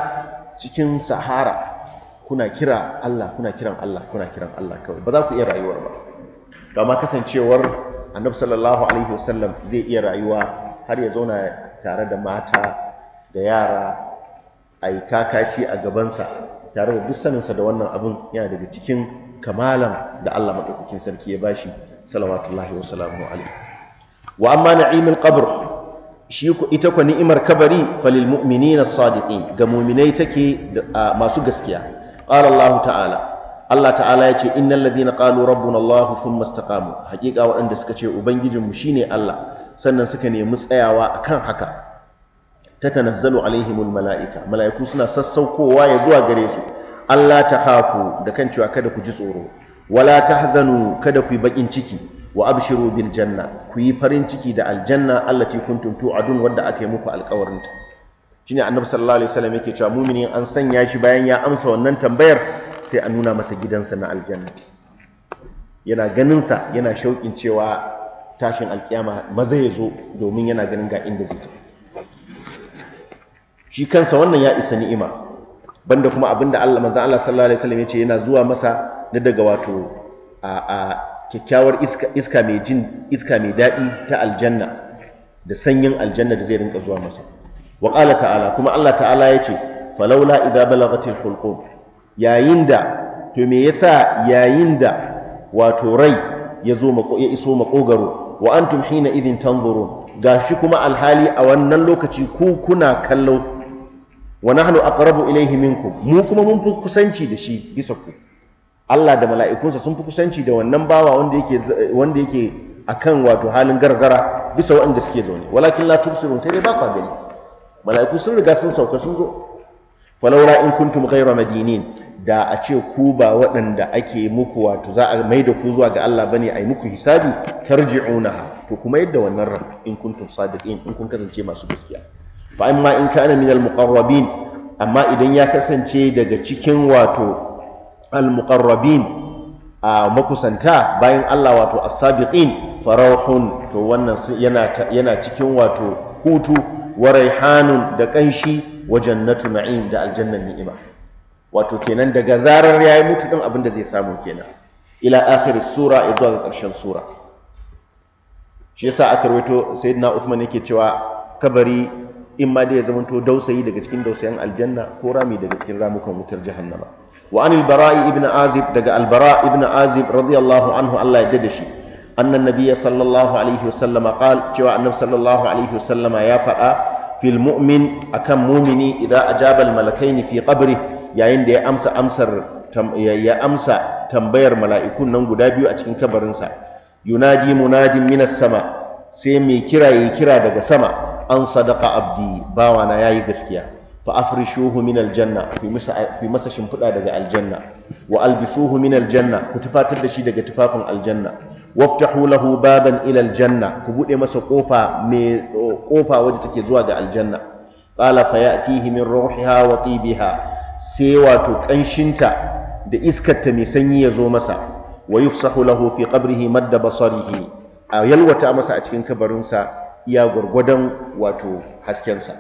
cikin sahara kuna kira Allah kuna kiran Allah kuna kiran Allah kawai ba za ku iya rayuwar ba ma kasancewar annabi sallallahu alaihi wasallam zai iya rayuwa har ya zauna tare da mata da yara a yi kakaci a gabansa tare da duk saninsa da wannan abin yana daga cikin kamalan da Allah madaukakin sarki ya bashi salawatullahi wa salamu alaihi wa amma na'imul qabr shi ita kwa ni'imar kabari falil mu'minina sadiqin ga mu'minai take masu gaskiya qala Allah ta'ala Allah ta'ala ya ce innal ladhina qalu rabbuna Allah thumma istaqamu Haƙiƙa waɗanda suka ce ubangijin ubangijinmu shine Allah sannan suka nemi tsayawa a kan haka Ta tatanazzalu alaihimul mala'ika mala'iku suna sassaukowa ya zuwa gare su Allah ta hafu da kan cewa kada ku ji tsoro wala ta hazanu kada ku yi bakin ciki wa abshiru bil janna ku yi farin ciki da aljanna Allah allati kuntum tu'adun wadda aka yi muku alƙawarin ta shine annabi sallallahu alaihi wasallam yake cewa mumini an sanya shi bayan ya amsa wannan tambayar sai an nuna masa gidansa na aljanna yana ganin yana shauƙin cewa tashin alkiyama maza ya zo domin yana ganin ga inda zai tafi shi kansa wannan ya isa ni'ima banda kuma abinda Allah manzon Allah sallallahu alaihi wasallam yace yana zuwa masa na daga wato a a kyakkyawar iska iska mai jin iska mai daɗi ta aljanna da sanyin aljanna da zai rinka zuwa masa wa qala ta'ala kuma Allah ta'ala yace falaula idza balagatil hulqum yayin da to me yasa yayin da wato rai ya zo ya iso makogaro wa antum hina idin tanzurun gashi kuma alhali a wannan lokaci ku kuna kallo wa nahnu aqrabu ilayhi minkum mu kuma mun fi kusanci da shi bisa ku Allah da mala'ikunsa sun fi kusanci da wannan bawa wanda yake wanda yake akan wato halin gargara bisa waɗanda suke zaune walakin la tubsirun sai dai ba ku gani mala'iku sun riga sun sauka sun zo falaura in kuntum ghayra madinin da a ce ku ba waɗanda ake muku wato za a mai da ku zuwa ga Allah bane ai muku hisabi tarji'unaha to kuma yadda wannan ran in kuntum sadiqin in kun kasance masu gaskiya fa amma in kana min al-muqarrabin amma idan ya kasance daga cikin wato al-muqarrabin a makusanta bayan Allah wato as-sabiqin farahun to wannan yana cikin wato hutu wa raihanun da kanshi wa jannatu na'im da aljannan ni'ima wato kenan daga zarar yayi mutu din abin da zai samu kenan ila akhir sura zuwa ga ƙarshen sura shi yasa aka rawaito sayyidina usman yake cewa kabari in ma dai ya zamanto dausayi daga cikin dausayin aljanna ko rami daga cikin ramukan wutar jahannama wa anil bara'i ibn azib daga albara ibn azib radiyallahu anhu Allah ya da shi annan nabiyya sallallahu alaihi wasallam qal cewa annab sallallahu alaihi wasallam ya faɗa fil mu'min akan mumini idza ajaba al malakaini fi qabri yayin da ya amsa amsar ya amsa tambayar mala'ikun nan guda biyu a cikin kabarinsa yunadi munadin minas sama sai mai kira yayi kira daga sama an sadaka abdi bawana yayi gaskiya fa afrishuhu min aljanna fi masa masa shimfiɗa daga aljanna wa albisuhu min aljanna ku tufatar da shi daga tufafin aljanna waftahu lahu baban ila aljanna ku bude masa kofa me kofa wadda take zuwa ga aljanna qala fa ya'tihi min ruhiha wa tibiha sai wato kanshinta da iskarta mai sanyi ya zo masa wa yufsahu lahu fi qabrihi madda basarihi a yalwata masa a cikin kabarinsa iya gwargwadon wato haskensa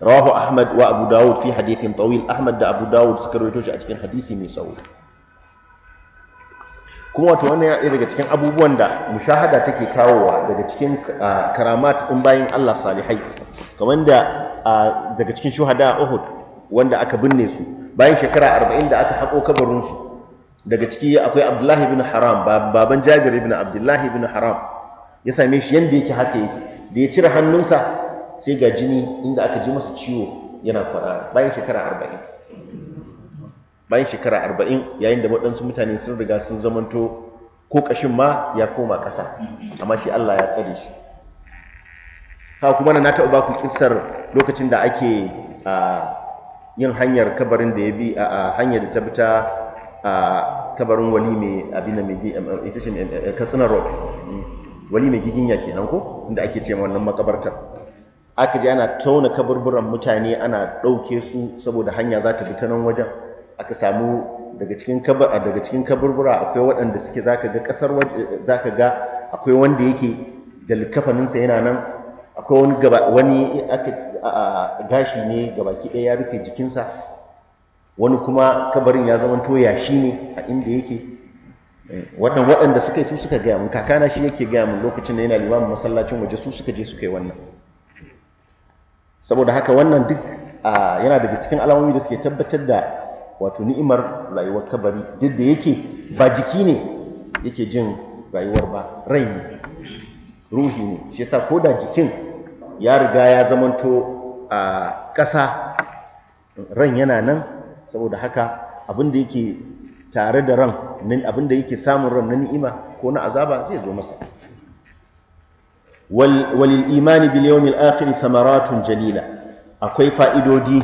rawahu ahmad wa abu dawud fi hadithin tawil ahmad da abu dawud suka rawaito shi a cikin hadisi mai tsawo kuma wato wannan ya ɗaya daga cikin abubuwan da mushahada take kawowa daga cikin karamat ɗin bayan Allah salihai kamar da daga cikin shuhada Uhud wanda aka binne su bayan shekara arba'in da aka haƙo kabarinsu daga ciki akwai Abdullahi bin Haram baban Jabir ibn Abdullahi bin Haram ya same shi yadda yake haka yake da ya cire hannunsa sai ga jini inda aka ji masa ciwo yana kwara bayan shekara arba'in bayan shekara arba'in yayin da waɗansu mutane sun riga sun zamanto ko ƙashin ma ya koma ƙasa amma shi Allah ya tsare shi ha kuma na taɓa ba ku kissar lokacin da ake yin hanyar kabarin da ya bi a hanyar da ta bi ta kabarin wali mai abin da mai bi a eh, katsina road wali mai giginya kenan ko inda ake ce wannan makabartar aka je ana tauna kaburburan mutane ana ɗauke su saboda hanya za ta bi ta nan wajen aka samu daga cikin daga cikin kaburbura akwai waɗanda suke zaka ga ƙasar zaka ga akwai wanda yake da likafaninsa yana nan akwai wani gaba wani aka gashi ne gabaki ɗaya ya rufe jikinsa wani kuma kabarin ya zama to yashi ne a inda yake Eh, wannan waɗanda suka yi su suka gaya mun kakana shi yake gaya mun lokacin da yana limamin masallacin waje su suka je suka yi wannan saboda haka wannan duk yana daga cikin alamomi da suke tabbatar da wato ni'imar rayuwar kabari duk da yake ba jiki ne yake jin rayuwar ba rai ne ruhi ne shi yasa ko da jikin ya riga ya zamanto a ƙasa ran yana nan saboda haka abin da yake tare da ran abinda yake samun ran na ni'ima ko na azaba zai zo masa walil imani bil yawmil akhir thamaratun jalila akwai fa'idodi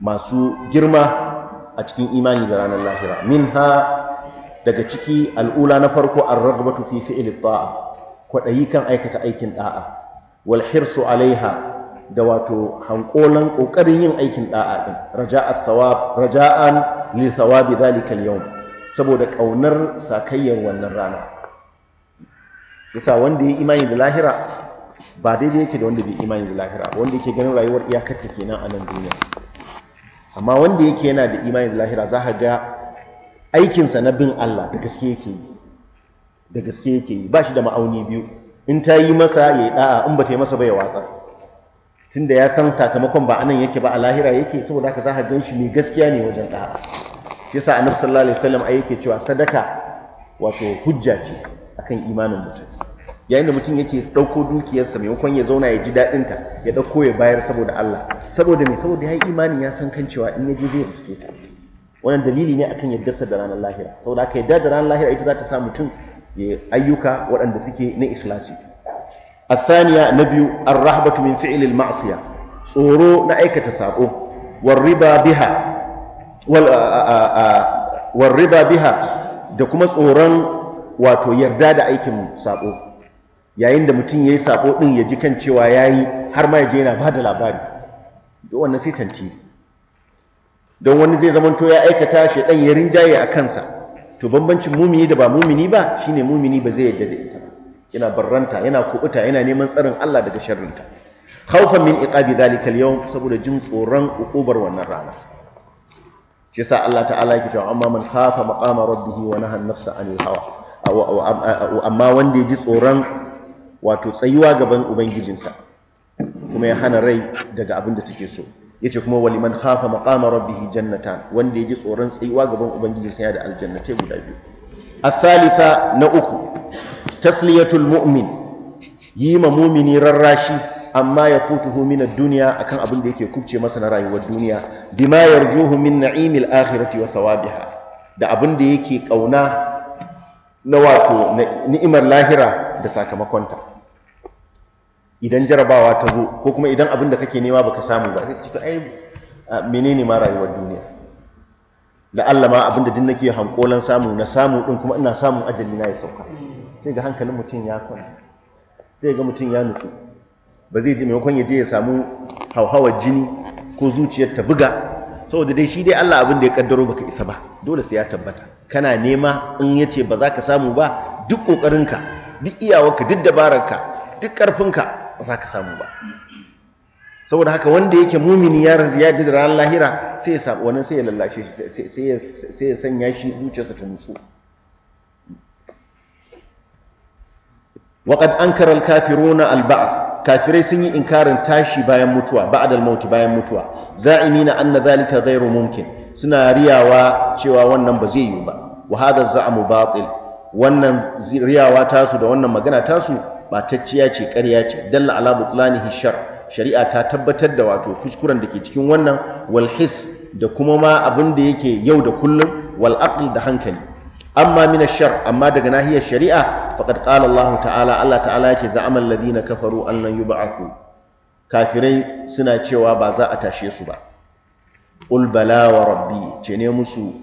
masu girma a cikin imani da ranar lahira minha daga ciki al'ula na farko ar ragbatu fi fi'li ta'a kwaɗayi kan aikata aikin ɗa'a wal hirsu alaiha da wato hankolan ƙoƙarin yin aikin ɗa'a ɗin raja'a thawab raja'an li thawabi zalika al saboda ƙaunar sakayyar wannan rana yasa wanda ya imani da lahira ba daidai yake da wanda bai imani da lahira wanda yake ganin rayuwar iyakar ta kenan a nan duniya amma wanda yake yana da imani da lahira za ka ga aikinsa na bin Allah da gaske yake yi da gaske yake yi ba shi da ma'auni biyu in ta yi masa ya yi ɗa'a in ba ta yi masa ba ya watsa. Tun da ya san sakamakon ba anan yake ba a lahira yake saboda haka za ka gan shi mai gaskiya ne wajen ɗa'a shi yasa annabi sallallahu alaihi wasallam ai yake cewa sadaka wato hujja ce akan imanin mutum yayin da mutum yake ɗauko dukiyarsa maimakon ya zauna ya ji daɗin ta ya ɗauko ya bayar saboda Allah saboda me saboda ya yi imanin ya san kan cewa in ya je zai riske ta wannan dalili ne akan sa da ranar lahira saboda haka yarda da ranar lahira ita za ta sa mutum ya ayyuka waɗanda suke na ikhlasi الثانية نبي الرهبة من فعل المعصية صورو نأيكة سابو والربا بها biha, da kuma tsoron wato yarda da أيكم سابو yayin da mutum ya yi sabo ɗin ya ji kan cewa ya yi har ma ya je yana ba da labari da wannan sai don wani zai zamanto ya aikata shi ɗan ya rinjaye a kansa to bambancin mumini da ba mumini ba shi ne mumini ba zai yadda da ita yana barranta yana kubuta yana neman tsarin Allah daga sharrinta khaufan min iqabi zalika al-yawm saboda jin tsoron ukubar wannan rana shi yasa Allah ta'ala yake cewa amma man khafa maqama rabbih wa nahan nafsa anil hawa amma wanda ya ji tsoron wato tsayuwa gaban ubangijinsa kuma ya hana rai daga abinda da take so yace kuma wali man khafa maqama rabbih jannatan wanda ya ji tsoron tsayuwa gaban ubangijinsa ya da aljannatai guda biyu na uku. tasliyatul mu'min yi ma mumini rarrashi amma ya futuhu min ad-dunya akan abin da yake kubce masa na rayuwar duniya bima yarjuhu min na'imil akhirati wa thawabiha da abin da yake kauna na wato ni'imar lahira da sakamakonta idan jarabawa ta zo ko kuma idan abin da kake nema baka samu ba sai ce to ai menene ma rayuwar duniya da Allah ma abin da din nake hankolan samu na samu din kuma ina samun ajali na ya sauka sai ga hankalin mutum ya kwanta sai ga mutum ya nutsu ba zai je maimakon ya je ya samu hauhawar jini ko zuciyar ta buga saboda dai shi dai Allah abin da ya kaddaro baka isa ba dole sai ya tabbata kana nema in ya ce ba za ka samu ba duk ƙoƙarinka duk iyawarka duk dabararka duk ƙarfinka ba za ka samu ba saboda haka wanda yake mumini ya yarda da ran lahira sai ya samu wannan sai ya lallashe sai ya sanya shi zuciyarsa ta nutsu waƙad an kafiru na alba'af kafirai sun yi inkarin tashi bayan mutuwa ba'adal mauti bayan mutuwa za'imina anna zalika ghairu mumkin suna riyawa cewa wannan ba zai yiwu ba wa hadha mu batil wannan riyawa tasu da wannan magana tasu ba tacciya ce karya ce dalla ala butlanihi hishar shari'a ta tabbatar da wato kuskuren da ke cikin wannan walhis da kuma ma abin da yake yau da kullum wal da hankali amma mina shar amma daga nahiyar shari'a faqad qala Allah ta'ala Allah ta'ala yake za'ama alladhina kafaru an lan yub'athu kafirai suna cewa ba za a tashe su ba qul wa rabbi ce ne musu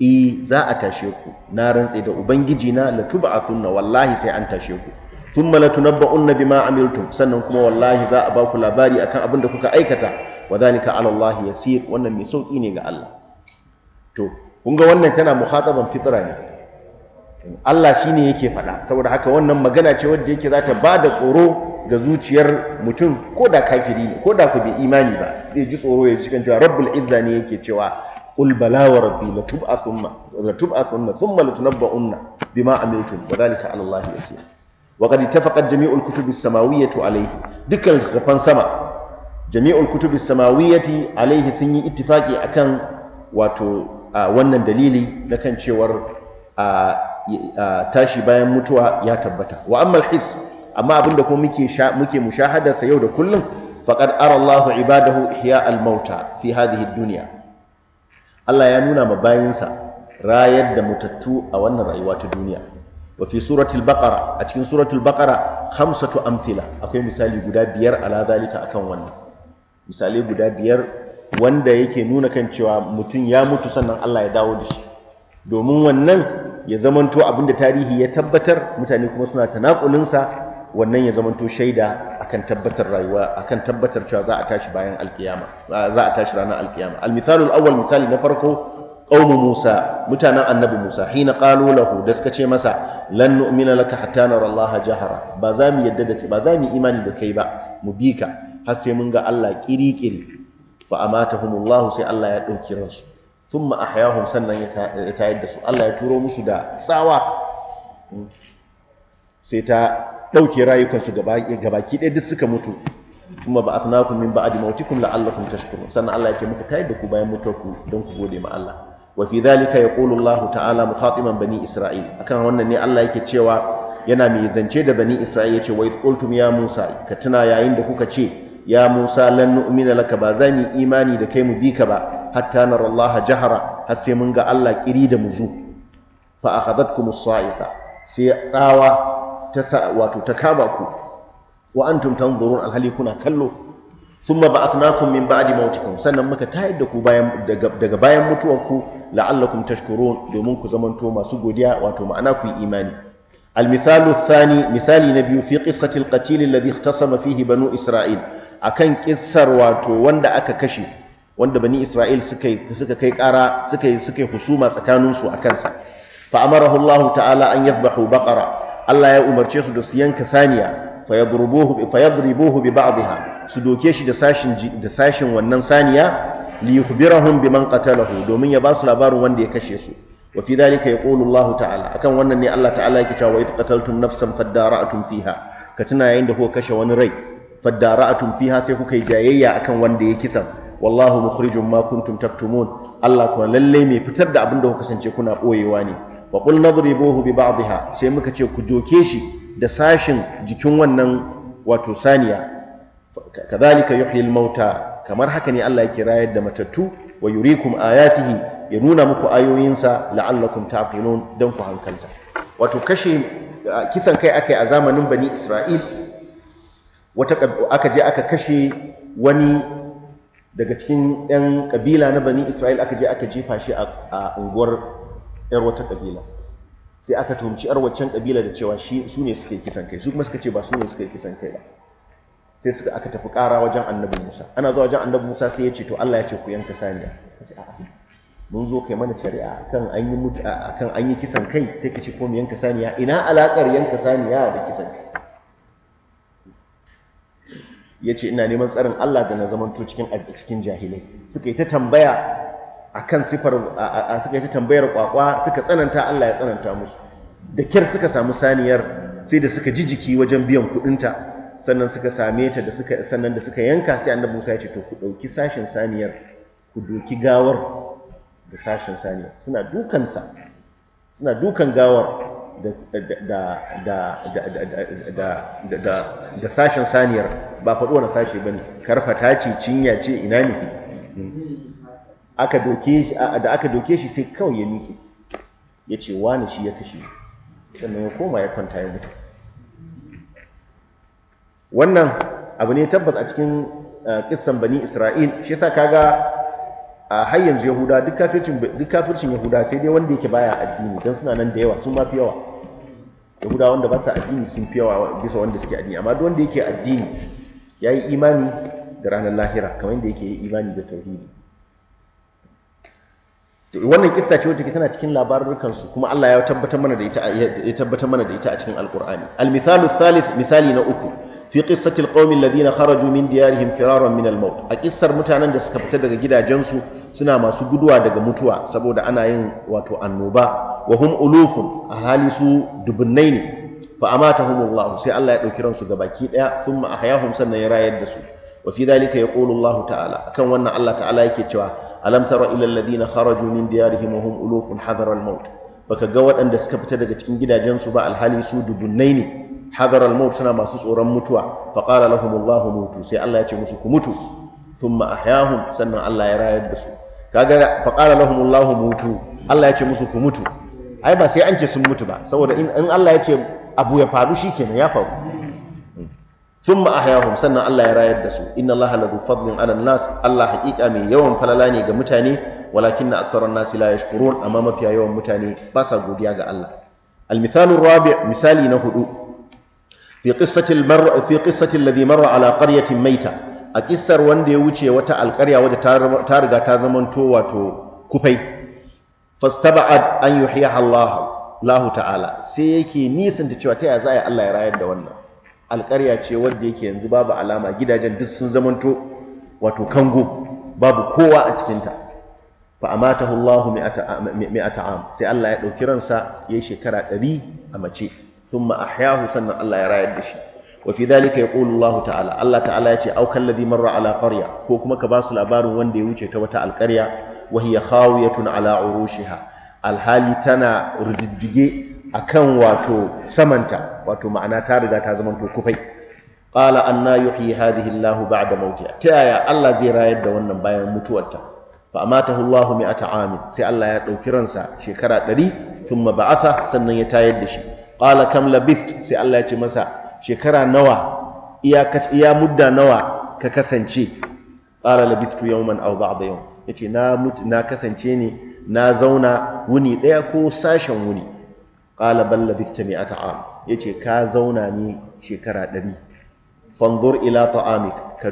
i e, za a tashe ku na rantse da ubangiji na latub'athunna wallahi sai an tashe ku thumma latunabba'unna bima amiltum sannan kuma wallahi za a ba ku labari akan abin da kuka aikata wa dhalika 'ala Allah yasir wannan mai sauki ne ga Allah kun ga wannan tana muhataban fitra ne Allah shi ne yake faɗa saboda haka wannan magana ce wadda yake za ta ba da tsoro ga zuciyar mutum ko da kafiri ne ko da ku bai imani ba zai ji tsoro ya ji kan cewa rabbul izza ne yake cewa ul bala wa rabbi la tub'a thumma la tub'a thumma thumma la tunabba'unna bima amiltum wa dhalika ala allah yasir wa qad ittafaqat jami'ul as samawiyyati alayhi dukkan littattafan sama jami'ul as samawiyyati alayhi sun yi ittifaqi akan wato wannan dalili na kan cewar tashi bayan mutuwa ya tabbata wa amma his amma abinda ko muke muke mushahadarsa yau da kullum faqad ara Allah ibadahu ihya al-mauta fi hadhihi ad-dunya Allah ya nuna ma bayinsa rayar da mutattu a wannan rayuwa ta duniya wa fi suratul baqara a cikin suratul baqara khamsatu amfila. akwai misali guda biyar ala zalika akan wannan Misali guda biyar wanda yake nuna kan cewa mutum ya mutu sannan Allah ya dawo da shi domin wannan ya zamanto abinda tarihi ya tabbatar mutane kuma suna tanakulinsa wannan ya zamanto shaida akan tabbatar rayuwa akan tabbatar cewa za a tashi bayan alkiyama za a tashi ranar alkiyama almisalul awwal misali na farko qaumu Musa mutanen annabi Musa hina qalu lahu da suka ce masa lan nu'mina laka hatta nara Allah jahara ba za mu yadda da ba za mu imani da kai ba mu bi ka har sai mun ga Allah kiri kiri fa amatahumullahu sai Allah ya dauki ransu thumma ahyahum sannan ya tayar da su Allah ya turo musu da tsawa hmm. sai ta ɗauke rayukansu gabaki ɗaya duk suka mutu thumma ba min ba'di mawtikum la'allakum tashkurun sannan Allah ya ce muka tayar da ku bayan mutuwarku don ku gode ma Allah wa fi dhalika yaqulu Allah ta'ala mukhatiman bani Isra'il akan wannan ne Allah yake cewa yana mai zance da bani Isra'il yace wa idh qultum ya Musa ka tuna yayin da kuka ce ya Musa lan minalaka, ba za mu imani da kai mu bi ka ba hatta nara jihar har sai mun ga Allah kirida da muzu fa akhadhatkum as-sa'iqa sai tsawa ta wato ta kama ku wa antum tanzurun alhali kuna kallo Suma thumma ba'athnakum min ba'di mautikum sannan muka tayar da ku bayan mutuwar ku mutuwarku la'allakum tashkurun domin ku zamanto masu godiya wato ma'ana ku yi imani المثال الثاني مثال نبي في قصة القتيل الذي اختصم فيه بنو Isra'il. akan kissar wato wanda aka kashe wanda bani Isra'il suka suka kai kara suka suka husuma tsakaninsu a kansa fa amarahu Allah ta'ala an yadhbahu baqara Allah ya umarce su da su yanka saniya fa yadrubuhu fa yadribuhu bi ba'dha su doke shi da sashin da sashin wannan saniya li yukhbirahum biman qatalahu domin ya ba su labarin wanda ya kashe su wa fi dhalika yaqulu Allah ta'ala akan wannan ne Allah ta'ala yake cewa wa if qataltum nafsan fadara'tum fiha ka tuna yayin da kuka kashe wani rai fadara'atum fiha sai kuka yi jayayya akan wanda ya kisan wallahu mukhrijum ma kuntum Allah kuma lalle mai fitar da abin da kuka sance kuna ɓoyewa ne fa qul nadribuhu bi biha. sai muka ce ku joke shi da sashin jikin wannan wato saniya kadhalika yuhyi al-mauta kamar haka ne Allah yake rayar da matattu wa yurikum ayatihi ya nuna muku ayoyinsa la'allakum taqilun dan ku hankalta wato kashi kisan kai akai a zamanin bani Isra'il wata aka je aka kashe wani daga cikin 'yan kabila na bani isra'il aka je aka jefa shi a unguwar 'yar wata kabila sai aka tumci 'yar waccan kabila da cewa su ne suka yi kisan kai su kuma suka ce ba su ne suka yi kisan kai ba sai suka aka tafi ƙara wajen annabi musa ana zuwa wajen annabi musa sai ya ce to allah ya ce ku yanka saniya mun zo kai mana shari'a akan an yi an yi kisan kai sai ka ce ko mu yanka saniya ina alaƙar yanka saniya da kisan kai ya ce ina neman tsarin Allah da na zamanto cikin cikin jahilai suka yi ta tambaya kan sifar suka yi ta tambayar kwakwa suka tsananta Allah ya tsananta musu da kyar suka samu saniyar sai da suka ji jiki wajen biyan kuɗinta sannan suka same ta da suka sannan da suka yanka sai annabi Musa ya ce to ku ɗauki sashin saniyar ku doki gawar da sashin saniyar suna dukansa suna dukan gawar da sashen saniyar ba faɗo wani sashe ba ne karfata ce cinya ce ina ne da aka doke shi sai kawai ya miƙe ya ce wani shi ya kashe sannan ya koma ya kwanta ya mutu wannan abu ne tabbas a cikin kissan bani isra'il shi yasa kaga a har yanzu yahuda duk kafircin yahuda sai dai wanda yake baya addini don suna nan da yawa sun mafi yawa yahudawa wanda ba sa addini sun fi yawa bisa wanda suke addini amma wanda yake addini ya yi imani da ranar lahira kamar yadda yake imani da tauhidi wannan kissa ce wacce tana cikin labarukan su kuma Allah ya tabbatar mana da ita tabbatar mana da ita a cikin alqur'ani al-mithalu thalith misali na uku fi qissati alqawmi alladhina kharaju min diyarihim firaran min almaut a kissar mutanen da suka fita daga gidajensu suna masu guduwa daga mutuwa saboda ana yin wato annoba wa hum ulufun hali su dubunnai ne fa amatahum Allah sai Allah ya dauki ransu gabaki daya thumma ahyahum sannan ya rayar da su wa fi dhalika yaqulu Allah ta'ala akan wannan Allah ta'ala yake cewa alam tara ila alladhina kharaju min diyarihim wa hum ulufun hadara almaut baka ga waɗanda suka fita daga cikin gidajensu ba alhali su dubunnai ne hadar al-maut suna masu tsoron mutuwa fa qala lahum Allah mutu sai Allah ya ce musu ku mutu thumma ahyahum sannan Allah ya rayar da su kaga fa qala lahum Allah mutu Allah ya ce musu ku mutu ai ba sai an ce sun mutu ba saboda in Allah ya ce abu ya faru shikenan ya faru thumma ahyahum sannan Allah ya rayar da su inna Allah la dhu fadlin ala nas Allah haƙiƙa mai yawan falala ne ga mutane walakin aktharun nasi la yashkurun amma mafiya yawan mutane ba sa godiya ga Allah al-mithalu rabi misali na hudu fi qissatil mar fi qissatil ladhi marra ala maita a kissar wanda ya wuce wata alƙarya wadda ta riga ta zamanto wato kufai fastaba'ad an yuhyiha Allah Allah ta'ala sai yake nisan da cewa ta yaya za a Allah ya rayar da wannan alƙarya ce wanda yake yanzu babu alama gidajen duk sun zamanto wato kango babu kowa a cikinta fa amatahu Allah mi'ata am sai Allah ya ɗauki ransa yayi shekara ɗari a mace thumma ahyahu sannan Allah ya rayar da shi wa fi dhalika Allah ta'ala Allah ta'ala yace au kallazi marra ala qarya ko kuma ka basu labarin wanda ya wuce ta wata alƙarya wa hiya khawiyatun ala urushiha alhali tana a kan wato samanta wato ma'ana ta riga ta zama to kufai qala anna yuhyi hadhihi Allah ba'da mautiha ta yaya Allah zai rayar da wannan bayan mutuwarta mi'a فأماته الله مئة عام سي الله يدوكرنسا شكرا دري sannan ya سنن يتايد shi. Ƙala kam labith sai Allah ya ce masa shekara nawa iya mudda nawa ka kasance qala labithtu yawman aw ba'da yau. Ya ce na kasance ne na zauna wuni ɗaya ko sashen wuni ban bal mai ata am ce ka zauna ne shekara ɗari fangor ila ta'amik ka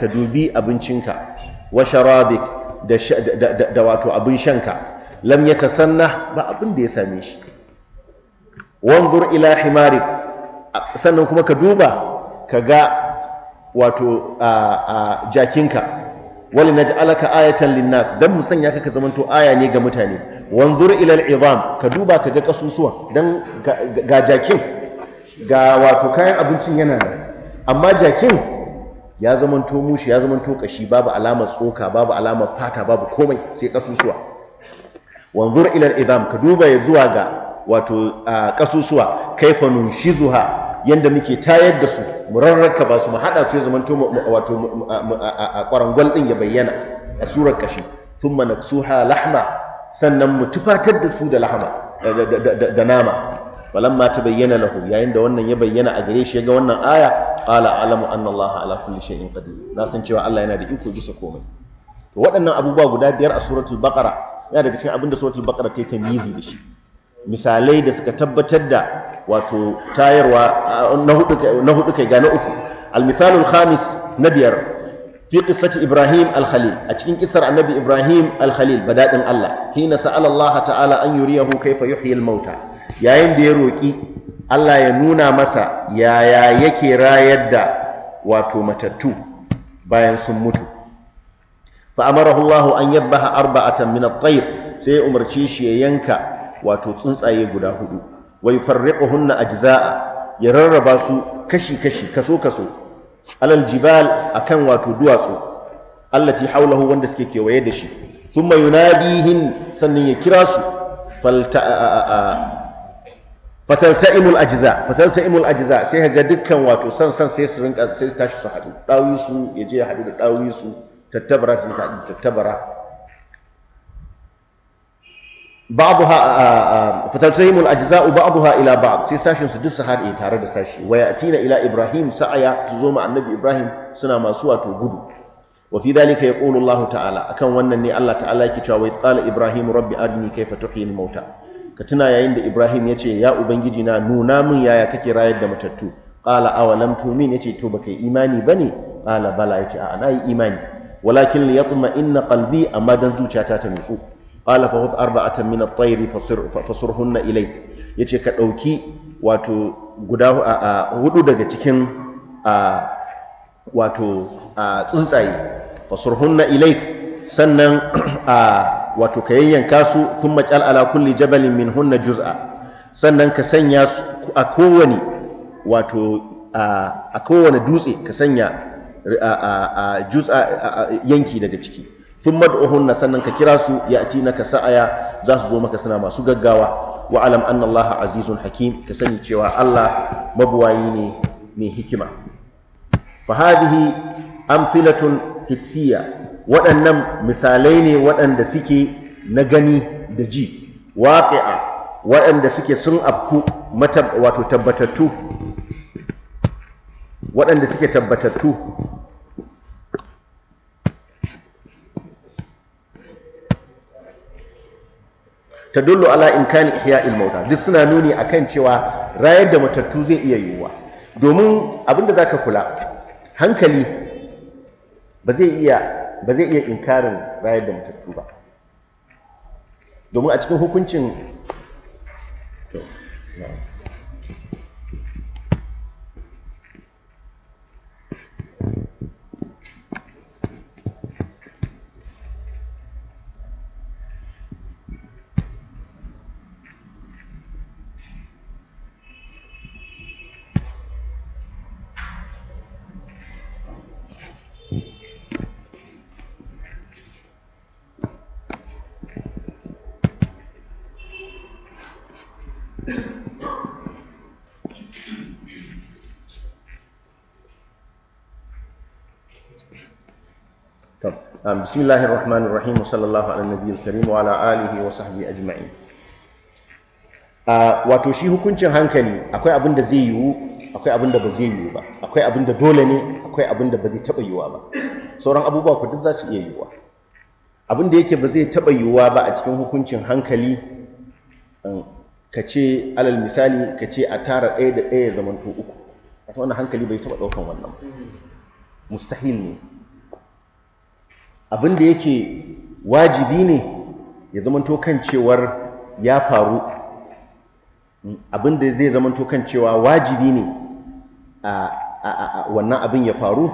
ka dubi abincinka wa sharabik da wato abin shanka lam ya ta sanna ba abin da ya same shi wanzur ila himari sannan kuma ka duba ka ga wato jakinka wali naj'alaka ayatan linnas dan mu sanya ka ka zamanto aya ne ga mutane wanzur ila al'izam ka duba ka ga kasusuwa dan ga jakin ga wato kayan abincin yana nan amma jakin ya zamanto mushi ya zamanto kashi babu alamar tsoka babu alamar fata babu komai sai kasusuwa wanzur ila al'izam ka duba ya zuwa ga wato kasusuwa kaifa nunshizuha yanda muke tayar da su mu rarraka ba su mu hada su ya zamanto wato a kwarangwal din ya bayyana a surar kashi thumma naksuha lahma sannan mu tufatar da su da lahama da nama ta bayyana lahu yayin da wannan ya bayyana a gare shi ya ga wannan aya qala alamu anna allaha ala kulli shay'in qadir na san cewa Allah yana da iko bisa komai to waɗannan abubuwa guda biyar a suratul baqara yana daga cikin abin da suratul baqara ta yi tamizi da shi misalai da suka tabbatar da wato tayarwa ah, na hudu kai gane uku al almithalul khamis na biyar fi qissati ibrahim al-khalil a cikin kisar annabi ibrahim al-khalil badadin Allah hina sa'ala Allah ta'ala an yuriyahu kaifa yuhyi al-mauta yayin da ya roki Allah ya nuna masa yaya yake rayar da wato matattu bayan sun mutu fa amarahu Allah an yadhbaha arba'atan min at-tayr sai umarci shi ya yanka wato tsuntsaye guda hudu wa yufarriquhunna ajza'a ya rarraba su kashi kashi kaso kaso alal jibal akan wato duwatsu allati haulahu wanda suke kewaye da shi thumma yunadihin sannan ya kira su fatalta'imul ajza fatalta'imul ajza sai ga dukkan wato san san sai su rinka sai su tashi su haɗu ɗawi su ya je ya haɗu da ɗawi tattabara tattabara بعضها فتلتهم الاجزاء بعضها الى بعض سي ساشن su duk su hade tare da sashi wa yatina ila ibrahim sa'aya tuzo ma annabi ibrahim suna masu wato gudu wa fi dhalika ta'ala akan wannan ne allah ta'ala yake cewa wa qala ibrahim rabbi arini kayfa tuhyi al mauta ka yayin da ibrahim yace ya ubangiji na nuna min yaya kake rayar da matattu qala awalam tu'min yace to baka yi imani bane qala bala yace a na yi imani walakin liyatma inna qalbi amma dan zuciyata ta nutsu qala fa hudh arba'atan min at fasurhunna ilayk yace ka ɗauki wato guda hudu daga cikin wato tsuntsaye fasurhunna ilayk sannan wato ka yayyanka su sun jal ala kulli jabalin minhunna juz'a sannan ka sanya a kowane wato a kowane dutse ka sanya a yanki daga ciki sun hunna sannan ka kira su ya'ti naka sa'aya za su zo maka suna masu gaggawa wa alam anna allaha azizun hakim ka sani cewa allah mabuwayi ne mai hikima fa hadhihi amthilatun hissiya waɗannan misalai ne waɗanda suke na gani da ji a, waɗanda suke sun afku wato waɗanda suke tabbatattu tadullu ala imkani ihya'il mauta duk suna nuni a kan cewa rayar da matattu zai iya yiwuwa domin abinda zaka kula hankali ba zai iya ba zai rayar da matattu ba domin a cikin hukuncin بسم الله الرحمن الرحيم وصلى الله على النبي الكريم وعلى آله وصحبه أجمعين wato shi hukuncin hankali akwai abin da zai yiwu akwai abin da ba zai yiwu ba akwai abin da dole ne akwai abin da ba zai taɓa yiwuwa ba sauran abubuwa ku duk za su iya yiwuwa abin da yake ba zai taɓa yiwuwa ba a cikin hukuncin hankali um, ka ce alal misali ka ce a tara ɗaya da ɗaya ya zamanto uku a wannan hankali bai taɓa ɗaukan wannan mustahil ne abin da yake wajibi ne ya zamanto kan cewar ya faru abin da zai zamanto kan cewa wajibi ne a wannan abin ya faru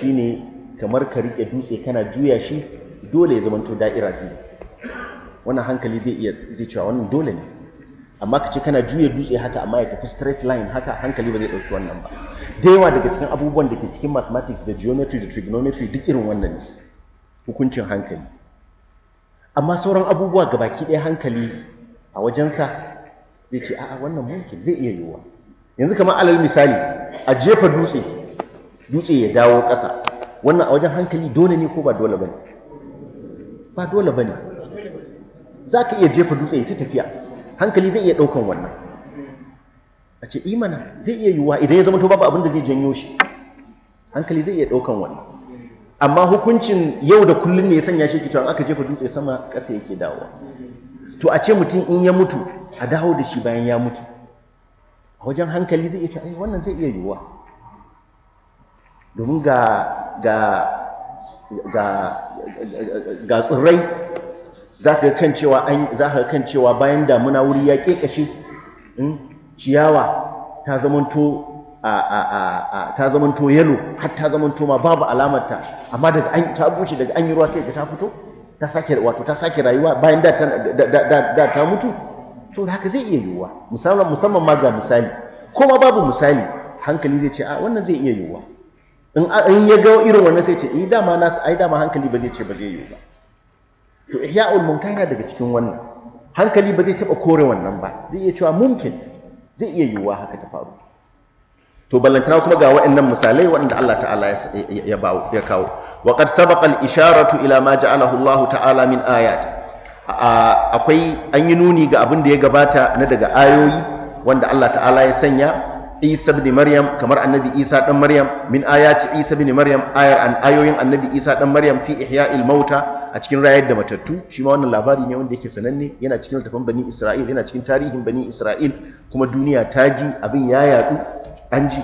shine kamar ka riƙe dutse kana juya shi dole ya zamanto da'ira zai wannan hankali zai iya zai cewa wannan dole ne amma ka ce kana juya dutse haka amma ya tafi straight line haka hankali ba zai ɗauki wannan ba da yawa daga cikin abubuwan da ke cikin mathematics da geometry da trigonometry duk irin wannan ne hukuncin hankali amma sauran abubuwa ga baki ɗaya hankali a wajensa zai ce a'a wannan mulkin zai iya yiwuwa yanzu kamar alal misali a jefa dutse dutse ya dawo ƙasa wannan a wajen hankali dole ne ko ba dole ba ne ba dole ba ne za ka iya jefa dutse ya ta tafiya hankali zai iya ɗaukan wannan a ce imana eh, zai iya yiwuwa idan ya zama to babu abin da zai janyo shi hankali zai iya ɗaukan wannan amma hukuncin yau da kullum ne ya sanya shi cewa aka jefa dutse sama ƙasa yake dawowa to a ce mutum in ya mutu a dawo da shi bayan ya mutu a wajen hankali zai iya cewa eh, wannan zai iya yiwuwa domin ga ga ga ga tsirrai za ka kan cewa bayan damuna wuri ya kekashe hmm, ciyawa ta zamanto ta zamanto yalo har ta zamanto ma babu alamarta amma daga an ta bushe daga an yi ruwa sai ga ta fito ta sake wato ta sake rayuwa bayan da da ta mutu da haka zai iya yiwuwa musamman musamman ma ga misali ko ma babu misali hankali zai ce a wannan zai iya yiwuwa in ya ga irin wannan sai ce eh dama na ai dama hankali ba zai ce ba zai yiwu ba to ihya'ul mumta yana daga cikin wannan hankali ba zai taba kore wannan ba zai iya cewa mumkin zai iya yiwuwa haka ta faru to ballantana kuma ga waɗannan misalai waɗanda Allah ta'ala ya kawo wa qad isharatu ila ma ja'alahu Allah ta'ala min ayat akwai an yi nuni ga abin da ya gabata na daga ayoyi wanda Allah ta'ala ya sanya Isa bin Maryam kamar annabi Isa dan Maryam min ayati Isa bin Maryam ayar an ayoyin annabi Isa dan Maryam fi ihya'il mauta a cikin rayar da matattu shi ma wannan labari ne wanda yake sananne yana cikin tafan Bani Isra'il yana cikin tarihin Bani Isra'il kuma duniya ta ji abin ya yadu an ji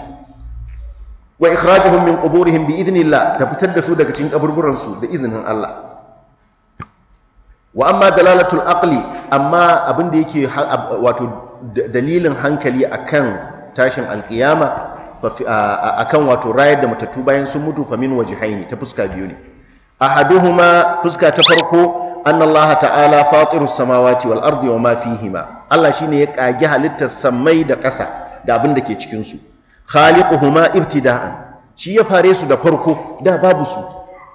wa ikhrajuhum min quburihim bi idhnillah ta fitar da su daga cikin kaburburan su da izinin Allah wa amma dalalatul aqli amma abin da yake wato dalilin hankali akan tashin alkiyama akan wato rayar da matattu bayan sun mutu fa min wajhaini ta fuska biyu ne ahaduhuma fuska ta farko anna Allah ta'ala fatirus samawati wal ardi wa ma fihima Allah shine ya kage halittar samai da ƙasa da abin da ke cikin su khaliquhuma ibtida'an shi ya fare su da farko da babu su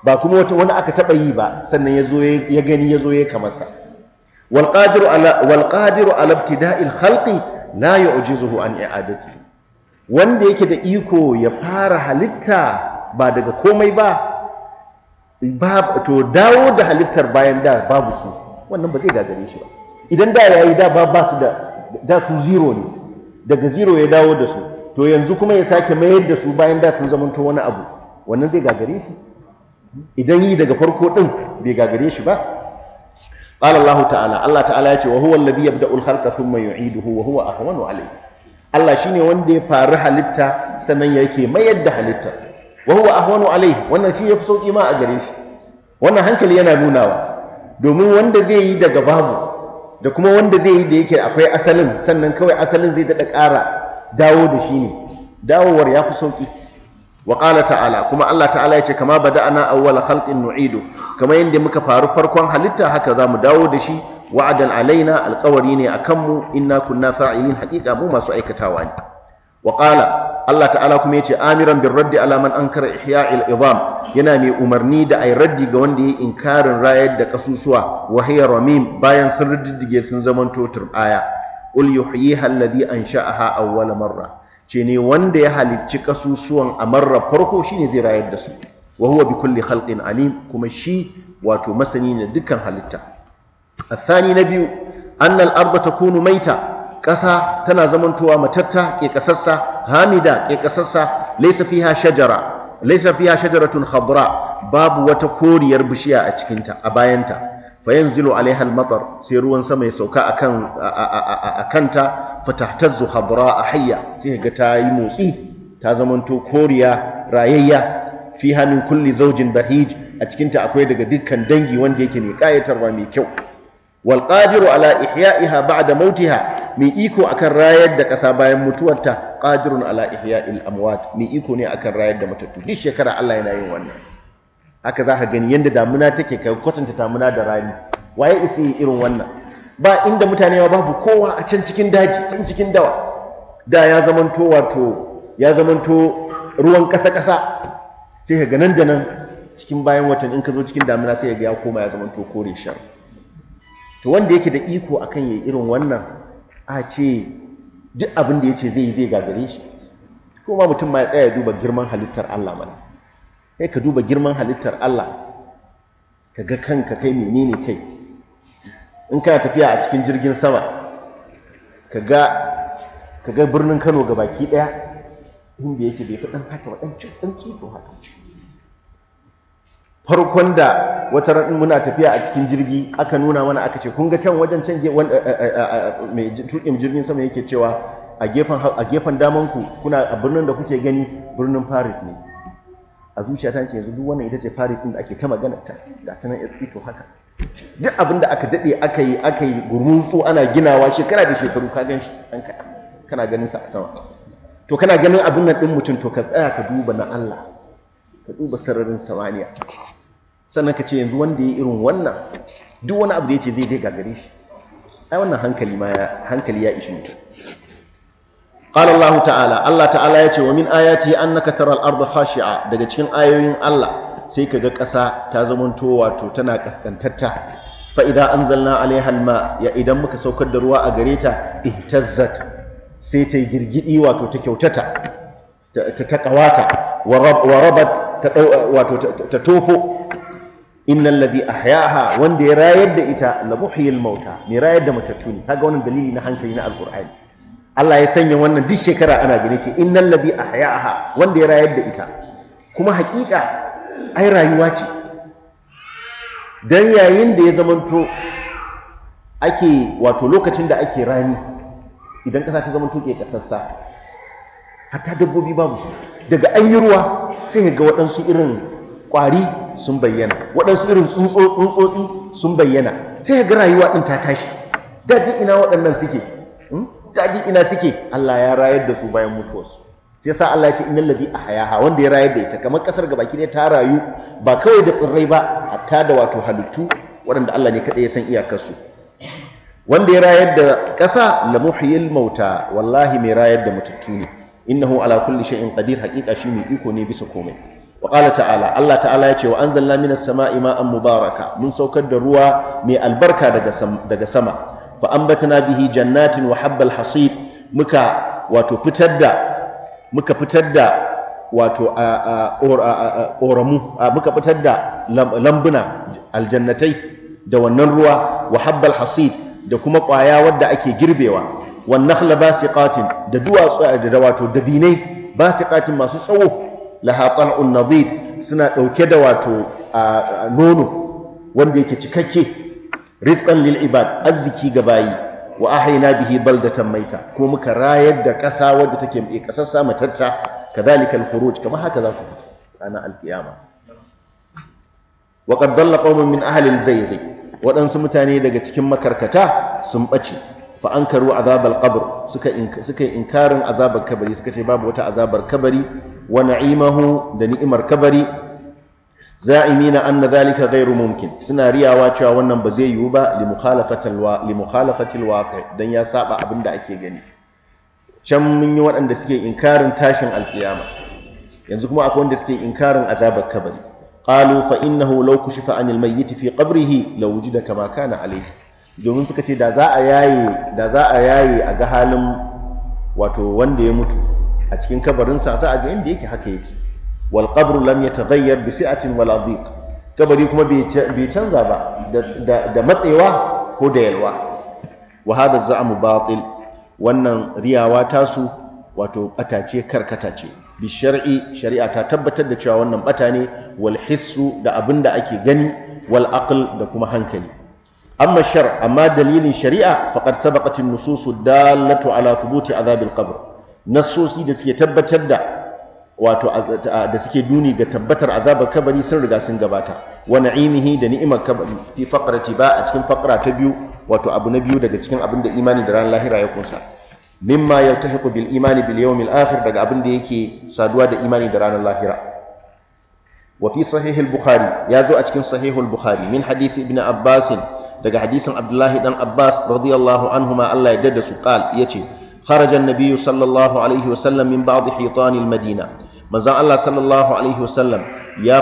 ba kuma wata wani aka taba yi ba sannan ya zo ya gani ya zo ya kamar sa wal qadiru ala wal qadiru ala ibtida'il khalqi la yu'jizuhu an i'adati wanda yake da iko ya fara halitta ba daga komai ba to dawo da halittar bayan da babu su wannan ba zai gagare shi ba idan da yayi da ba su da da su zero ne daga zero ya dawo da su to yanzu kuma ya sake mayar da su bayan da sun zamanto wani abu wannan zai gagare shi idan yi daga farko din bai gagare shi ba qala Allah ta'ala Allah ta'ala ya ce wa huwa alladhi yabda'u sun khalqa thumma yu'iduhu wa huwa ahwanu alayhi Allah shi ne wanda ya faru halitta sannan ya ke mayar da halitta wa huwa wa alai wannan shi ya fi sauƙi ma a gare shi wannan hankali yana nunawa domin wanda zai yi daga babu da kuma wanda zai yi da yake akwai asalin sannan kawai asalin zai daɗa ƙara dawo da shi ne dawowar ya fi sauƙi wa ta'ala kuma Allah ta'ala ya ce kama ana awwal khalqin nu'idu kama yadda muka faru farkon halitta haka za mu dawo da shi wa'adan alaina alƙawari ne a akan mu inna kunna fa'ilin haƙiƙa mu masu aikatawa ne wa Allah ta'ala kuma ya ce amiran bin raddi ala man ankara ihya'il idham yana mai umarni da ayi raddi ga wanda ya yayi inkarin rayar da kasusuwa wa hiya bayan sun riddige sun zamanto turbaya qul yuhyiha alladhi ansha'aha awwala marra ce ne wanda ya halicci kasusuwan a marar farko shine zai rayar da su wa huwa bi kulli halƙin alim kuma shi wato masani ne dukkan halitta athani na biyu anna al-ardu maita ƙasa tana zamantowa matatta ke ƙasassa, hamida ke kasassa laysa fiha shajara tun fiha shajaratun babu wata koriyar bishiya a cikinta a bayanta fayanzilu alaiha al-matar sai ruwan sama ya sauka akan akanta fatahtazzu a ahya sai ga ta yi motsi ta zamanto koriya rayayya fi hannun kulli zaujin bahij a cikinta akwai daga dukkan dangi wanda yake mai kayatarwa mai kyau wal qadiru ala ihya'iha da mautiha mai iko akan rayar da ƙasa bayan mutuwarta ƙadirun ala ihya'il amwat mai iko ne akan rayar da matattu duk shekara Allah yana yin wannan haka za ka gani yadda damuna take ka kwatanta damuna da rani waye isi irin wannan ba inda mutane ma babu kowa a can cikin daji can cikin dawa da ya zamanto wato ya zamanto ruwan kasa kasa sai ka ga nan da nan cikin bayan watan in ka zo cikin damuna sai ga ya koma ya zamanto kore shar to wanda yake da iko akan yayi irin wannan a ce duk abin da yace zai yi zai gagare shi kuma mutum ma ya tsaya ya duba girman halittar Allah mana kai ka duba girman halittar Allah ka ga kanka kai menene kai in kana tafiya a cikin jirgin sama ka ga birnin Kano ga baki daya inda yake bai fi dan haka wa dan cito haka farkon da wata ran muna tafiya a cikin jirgi aka nuna mana aka ce kun ga can wajen can eh, eh, eh, mai tukin jirgin sama yake cewa a gefen damanku kuna a birnin da kuke gani birnin Paris ne a zuciyata ce yanzu duk wannan ita ce Paris din da ake ta magana ta da ta nan to haka duk abin da aka dade aka yi aka yi gurmutsu ana ginawa shekara da shekaru ka gan shi dan ka kana ganin sa a sama to kana ganin abin nan din mutum to ka tsaya ka duba na Allah ka duba sararin samaniya sannan ka ce yanzu wanda ya irin wannan duk wani abu da ya ce zai je gagare shi ai wannan hankali ma hankali ya ishi mutum قال الله تعالى الله تعالى يتي ومن آياته أنك ترى الأرض خاشعة daga cikin ayoyin Allah sai kaga ƙasa ta zamanto wato tana kaskantatta fa idza anzalna alaiha alma ya idan muka saukar da ruwa a gare ta ihtazzat sai ta girgidi wato ta kyautata ta takawata wa rabat ta wato ta tofo innal ladhi ahyaha wanda ya rayar da ita la muhyil mauta mai rayar da matattu ne kaga wannan dalili na hankali na alqur'ani Allah ya sanya wannan duk shekara ana gani ce innal ladhi ahya'aha wanda ya rayar da ita kuma hakika ai rayuwa ce dan yayin da ya zamanto ake wato lokacin da ake rani idan ƙasa ta zamanto ke kasassa hatta dabbobi babu su daga an yi ruwa sai ga waɗansu irin ƙwari sun bayyana waɗansu irin tsuntsotsi sun bayyana sai ga rayuwa ɗin ta tashi da ina waɗannan suke daɗi ina suke Allah ya rayar da su bayan mutuwarsu sai sa Allah ya ce innal ladhi ahyaha wanda ya rayar da ita kamar kasar gabaki ne ta rayu ba kawai da tsirrai ba hatta da wato halittu waɗanda Allah ne kaɗai ya san su wanda ya rayar da ƙasa la muhyil mauta wallahi mai rayar da matattu ne innahu ala kulli shay'in qadir haqiqa shi mai iko ne bisa komai wa qala ta'ala Allah ta'ala ya ce wa anzalna minas sama'i ma'an mubaraka mun saukar da ruwa mai albarka daga sama fa ambatana bihi jannatin wa habbal hasid muka wato fitar da muka fitar da wato ƙoramu muka fitar da lambuna aljannatai da wannan ruwa wa habbal hasid da kuma ƙwaya wadda ake girbewa wan nakhla basiqatin da duwatsu da wato dabinai basiqatin masu tsawo laha tal'un suna ɗauke da wato nono wanda yake cikakke rizqan lil ibad arziki ga bayi wa ahayna bihi baldatan maita ko muka rayar da ƙasa wadda take mai ƙasar sama tatta kadhalika al khuruj kamar haka za ku fito ana al qiyama wa qad dalla qaumun min ahli al waɗansu mutane daga cikin makarkata sun bace fa ankaru azabal qabr suka suka inkarin azabar kabari suka ce babu wata azabar kabari wa na'imahu da ni'imar kabari za'imina anna dhalika ghairu mumkin suna riyawa cewa wannan ba zai yiwu ba li mukhalafatil waqi dan ya saba abin da ake gani can mun yi waɗanda suke inkarin tashin alkiyama yanzu kuma akwai wanda suke inkarin azabar kabari qalu fa innahu law kushifa anil mayyit fi qabrihi law wujida kama kana alayhi domin suka ce da za a yaye da za a yaye a ga halin wato wanda ya mutu a cikin kabarinsa za a ga inda yake haka yake wal lamya ta yataghayyar bisi si'atin wal adhiq kabari kuma bai canza ba da matsewa ko da yalwa wa hadha mu batil wannan riyawa su, wato bata ce karkata ce bi shar'i shari'a ta tabbatar da cewa wannan bata ne wal hissu da abin da ake gani wal aql da kuma hankali amma shar amma dalilin shari'a faqad sabaqat an-nusus dallatu ala thubuti adhab al-qabr nassosi da suke tabbatar da wato da suke duni ga tabbatar azabar kabari sun riga sun gabata wa na'imihi da ni'imar kabari fi faqrati ba a cikin faqra ta biyu wato abu na biyu daga cikin abin da imani da ran lahira ya kunsa mimma yaltahiqu bil imani bil yawmil akhir daga abin da yake saduwa da imani da ranar lahira wa fi sahih al bukhari ya zo a cikin sahih al bukhari min hadith ibn abbas daga hadisin abdullahi dan abbas radiyallahu anhuma Allah ya dada su qal yace kharaja an-nabiy sallallahu alaihi wasallam min ba'd hitan al madina manzon Allah sallallahu alaihi wasallam ya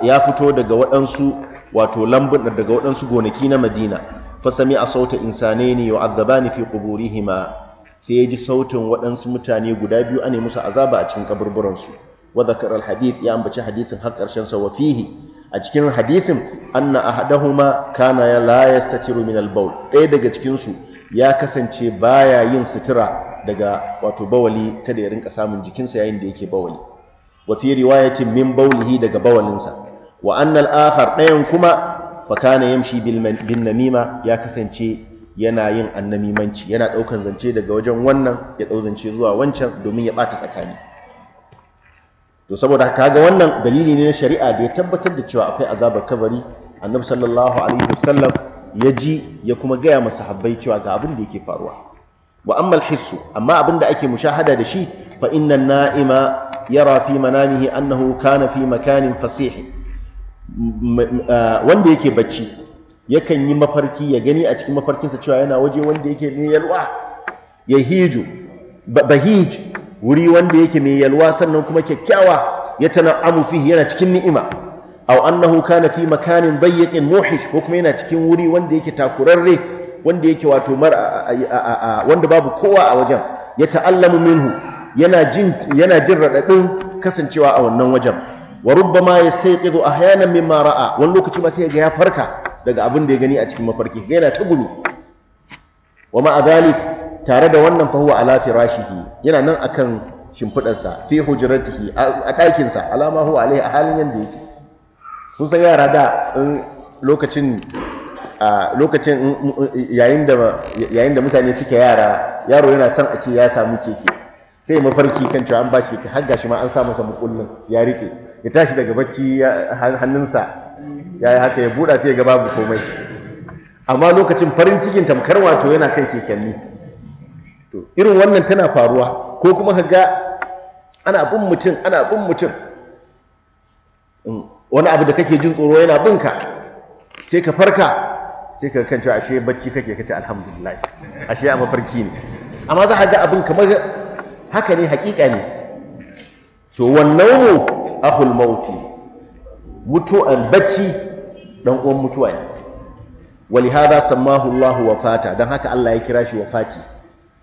fito daga waɗansu wato lambun daga waɗansu gonaki na Madina fasami a sauta insanaini ni fi hima. sai ya ji sautin waɗansu mutane guda biyu ane musu azaba a cikin kaburburansu wa zakar alhadith ya ambaci hadisin har ƙarshen sa wa fihi a cikin hadisin anna ahadahuma kana la yastatiru min albaul ɗaya daga cikin su ya kasance baya yin sutura daga wato bawali kada ya rinka samun jikinsa yayin da yake bawali wa fi riwayatin min bawlihi daga bawalinsa wa annal akhar ɗayan kuma fa kana yamshi bin namima ya kasance yana yin annamimanci yana ɗaukan zance daga wajen wannan ya ɗau zance zuwa wancan domin ya ɓata tsakani to saboda kaga wannan dalili ne na shari'a da ya tabbatar da cewa akwai azabar kabari annabi sallallahu alaihi wasallam ya ji ya kuma gaya masa habbai cewa ga abin da yake faruwa wa amma alhissu amma abinda ake mushahada da shi fa inna na'ima yara fi manamihi annahu kana fi makanin fasih wanda yake bacci yakan yi mafarki ya gani a cikin mafarkinsa cewa yana waje wanda yake ne yalwa ya hiju bahij wuri wanda yake mai yalwa sannan kuma kyakkyawa ya tana'amu fihi yana cikin ni'ima aw annahu kana fi makanin dayyiqin muhish ko kuma yana cikin wuri wanda yake takurarre wanda yake wato mar wanda babu kowa a wajen ya ta'allamu minhu yana jin raɗaɗin kasancewa a wannan wajen wa rubbama hayanan ahyanan mimma ra'a wani lokaci ma sai ya farka daga abin da ya gani a cikin mafarki yana ta gudu. wa ma'a zalik tare da wannan fa huwa ala firashihi yana nan akan shimfidarsa fi hujratihi a ɗakinsa alama huwa alaihi a halin yanda yake kun san yara da lokacin a lokacin yayin da mutane suke yara yaro yana son a ce ya samu keke sai mafarki kan cewa an ba shi har gashi ma an sa masa mukullin ya rike ya tashi daga bacci hannunsa ya yi haka ya buɗa sai ya ga babu komai amma lokacin farin cikin tamkar wato yana kan kekenni to irin wannan tana faruwa ko kuma ka ga ana bin mutum ana bin mutum mm, wani abu da kake jin tsoro yana binka sai ka farka sai ka kan cewa ashe bacci kake kace alhamdulillah ashe a mafarki ne amma za ka ga abin kamar haka ne hakika ne to wannan ahul mauti mutuwan bacci dan uwan mutuwa ne ولهذا سماه Dan haka Allah ya kira يكرا شي وفاتي